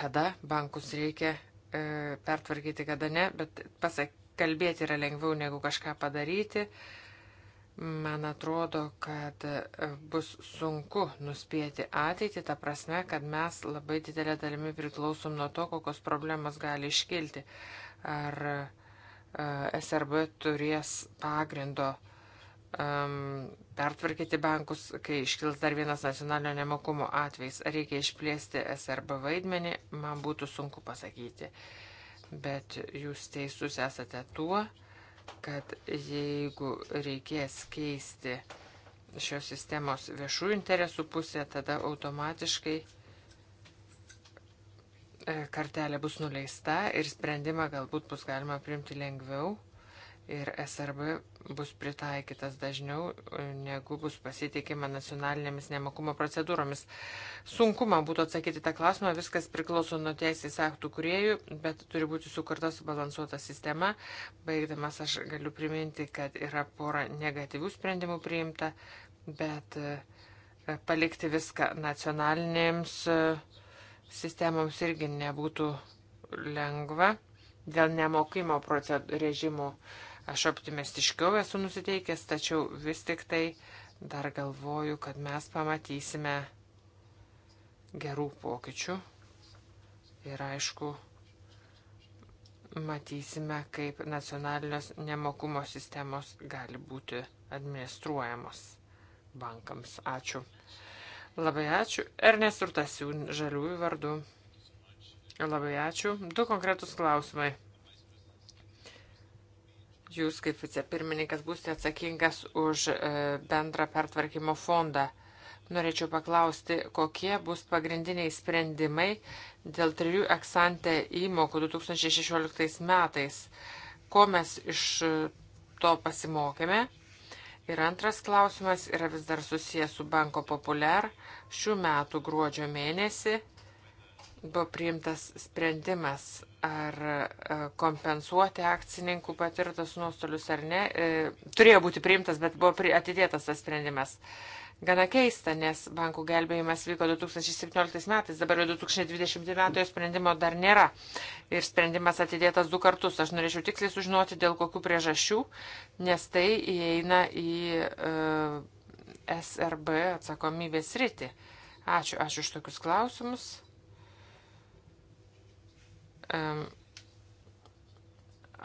kada bankus reikia E, pertvarkyti, kada ne, bet pasak, kalbėti yra lengviau negu kažką padaryti. Man atrodo, kad e, bus sunku nuspėti ateitį, ta prasme, kad mes labai didelė dalimi priklausom nuo to, kokios problemos gali iškilti. Ar e, SRB turės pagrindo uh, um, pertvarkyti bankus, kai iškils dar vienas nacionalinio nemokumo atvejs. Ar reikia išplėsti SRB vaidmenį, man būtų sunku pasakyti. Bet jūs teisus esate tuo, kad jeigu reikės keisti šios sistemos viešų interesų pusę, tada automatiškai e, kartelė bus nuleista ir sprendimą galbūt bus galima priimti lengviau ir SRB bus pritaikytas dažniau, e, negu bus pasitikima nacionalinėmis nemokumo procedūromis. Sunku man būtų atsakyti tą klausimą, viskas priklauso nuo teisės aktų kuriejų, bet turi būti sukurta subalansuota sistema. Baigdamas aš galiu priminti, kad yra pora negatyvių sprendimų priimta, bet e, palikti viską nacionalinėms e, sistemoms irgi nebūtų lengva dėl nemokimo režimų. Uh, Aš optimistiškiau esu nusiteikęs, tačiau vis tik tai dar galvoju, kad mes pamatysime gerų pokyčių ir aišku, matysime, kaip nacionalinės nemokumo sistemos gali būti administruojamos bankams. Ačiū. Labai ačiū. Ernest Urtasių žaliųjų vardu. Labai ačiū. Du konkretus klausimai jūs kaip vicepirmininkas būsite atsakingas už e, bendrą pertvarkymo fondą. Norėčiau paklausti, kokie bus pagrindiniai sprendimai dėl trijų eksante įmokų 2016 metais, ko mes iš to pasimokėme. Ir antras klausimas yra vis dar susijęs su Banko Populiar. Šių metų gruodžio mėnesį buvo priimtas sprendimas ar e, kompensuoti akcininkų patirtus nuostolius ar ne. E, turėjo būti priimtas, bet buvo atidėtas tas sprendimas. Gana keista, nes bankų gelbėjimas vyko 2017 metais, dabar jau 2020 metų sprendimo dar nėra. Ir sprendimas atidėtas du kartus. Aš norėčiau tiksliai sužinoti, dėl kokių priežasčių, nes tai įeina į uh, e, SRB atsakomybės rytį. Ačiū, ačiū už tokius klausimus.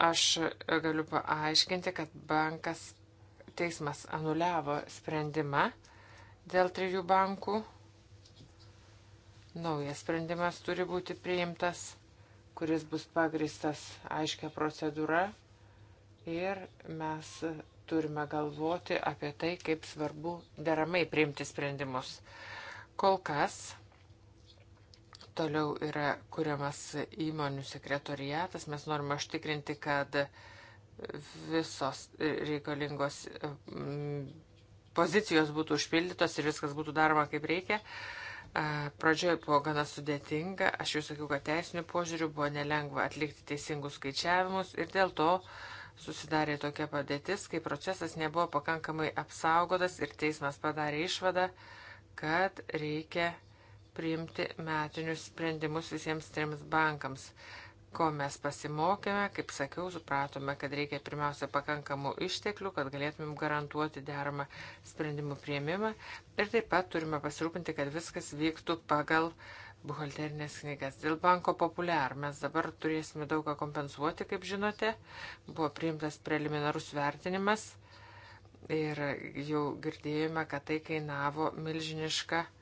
Aš galiu paaiškinti, kad bankas teismas anuliavo sprendimą dėl trijų bankų. Naujas sprendimas turi būti priimtas, kuris bus pagristas aiškia procedūra ir mes turime galvoti apie tai, kaip svarbu deramai priimti sprendimus. Kol kas Toliau yra kuriamas įmonių sekretoriatas. Mes norime užtikrinti, kad visos reikalingos mm, pozicijos būtų užpildytos ir viskas būtų daroma kaip reikia. Pradžioje buvo gana sudėtinga, aš jau sakiau, kad teisinių požiūrių buvo nelengva atlikti teisingus skaičiavimus ir dėl to susidarė tokia padėtis, kai procesas nebuvo pakankamai apsaugotas ir teismas padarė išvadą, kad reikia priimti metinius sprendimus visiems trims bankams. Ko mes pasimokėme, kaip sakiau, supratome, kad reikia pirmiausia pakankamų išteklių, kad galėtumėm garantuoti deramą sprendimų prieimimą ir taip pat turime pasirūpinti, kad viskas vyktų pagal buhalterinės knygas. Dėl banko populiar mes dabar turėsime daug ką kompensuoti, kaip žinote. Buvo priimtas preliminarus vertinimas ir jau girdėjome, kad tai kainavo milžinišką uh,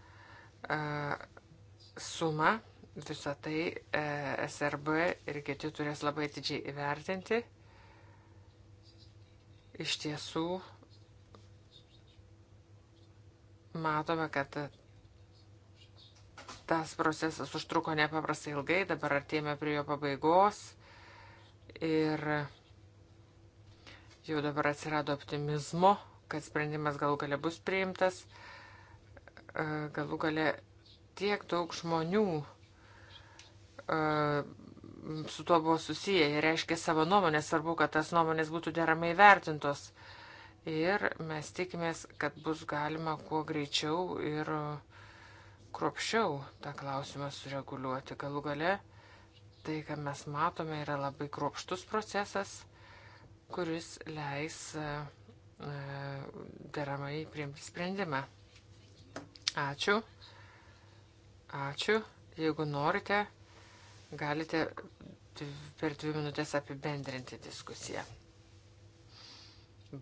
sumą. Visą tai e, SRB ir kiti turės labai atidžiai įvertinti. Iš tiesų, matome, kad tas procesas užtruko nepaprastai ilgai, dabar artėjame prie jo pabaigos ir jau dabar atsirado optimizmo, kad sprendimas gal galia bus priimtas. Uh, E, galų gale tiek daug žmonių e, su tuo buvo susiję ir reiškia savo nuomonę, svarbu, kad tas nuomonės būtų deramai vertintos. Ir mes tikimės, kad bus galima kuo greičiau ir kropščiau tą klausimą sureguliuoti. Galų gale tai, ką mes matome, yra labai kropštus procesas, kuris leis e, deramai priimti sprendimą. Ačiū. Ačiū. Jeigu norite, galite per dvi minutės apibendrinti diskusiją.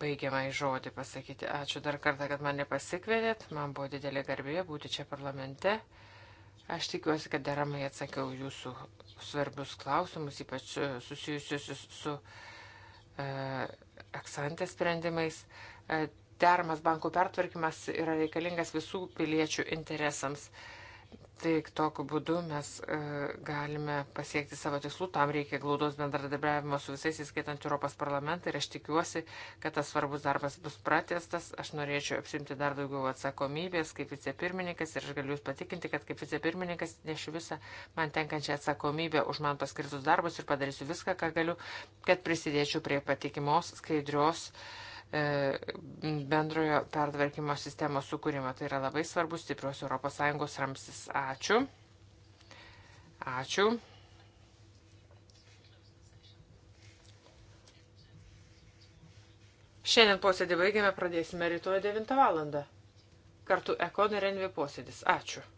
Baigiamai žodį pasakyti. Ačiū dar kartą, kad mane pasikvietėt. Man buvo didelė garbė būti čia parlamente. Aš tikiuosi, kad deramai atsakiau jūsų svarbius klausimus, ypač e, susijusius su e, aksantės sprendimais. E, deramas bankų pertvarkymas yra reikalingas visų piliečių interesams. Tai tokiu būdu mes e, galime pasiekti savo tikslų, tam reikia glaudos bendradarbiavimo su visais, įskaitant Europos parlamentą ir aš tikiuosi, kad tas svarbus darbas bus pratestas. Aš norėčiau apsimti dar daugiau atsakomybės kaip vicepirmininkas ir aš galiu Jūs patikinti, kad kaip vicepirmininkas nešiu visą man tenkančią atsakomybę už man paskirtus darbus ir padarysiu viską, ką galiu, kad prisidėčiau prie patikimos, skaidrios. E, E, bendrojo pertvarkymo sistemos sukūrimą. Tai yra labai svarbus stiprios ES ramsis. Ačiū. Ačiū. Šiandien posėdį baigiame, pradėsime rytoj 9 val. Kartu Ekon ir Envi posėdis. Ačiū.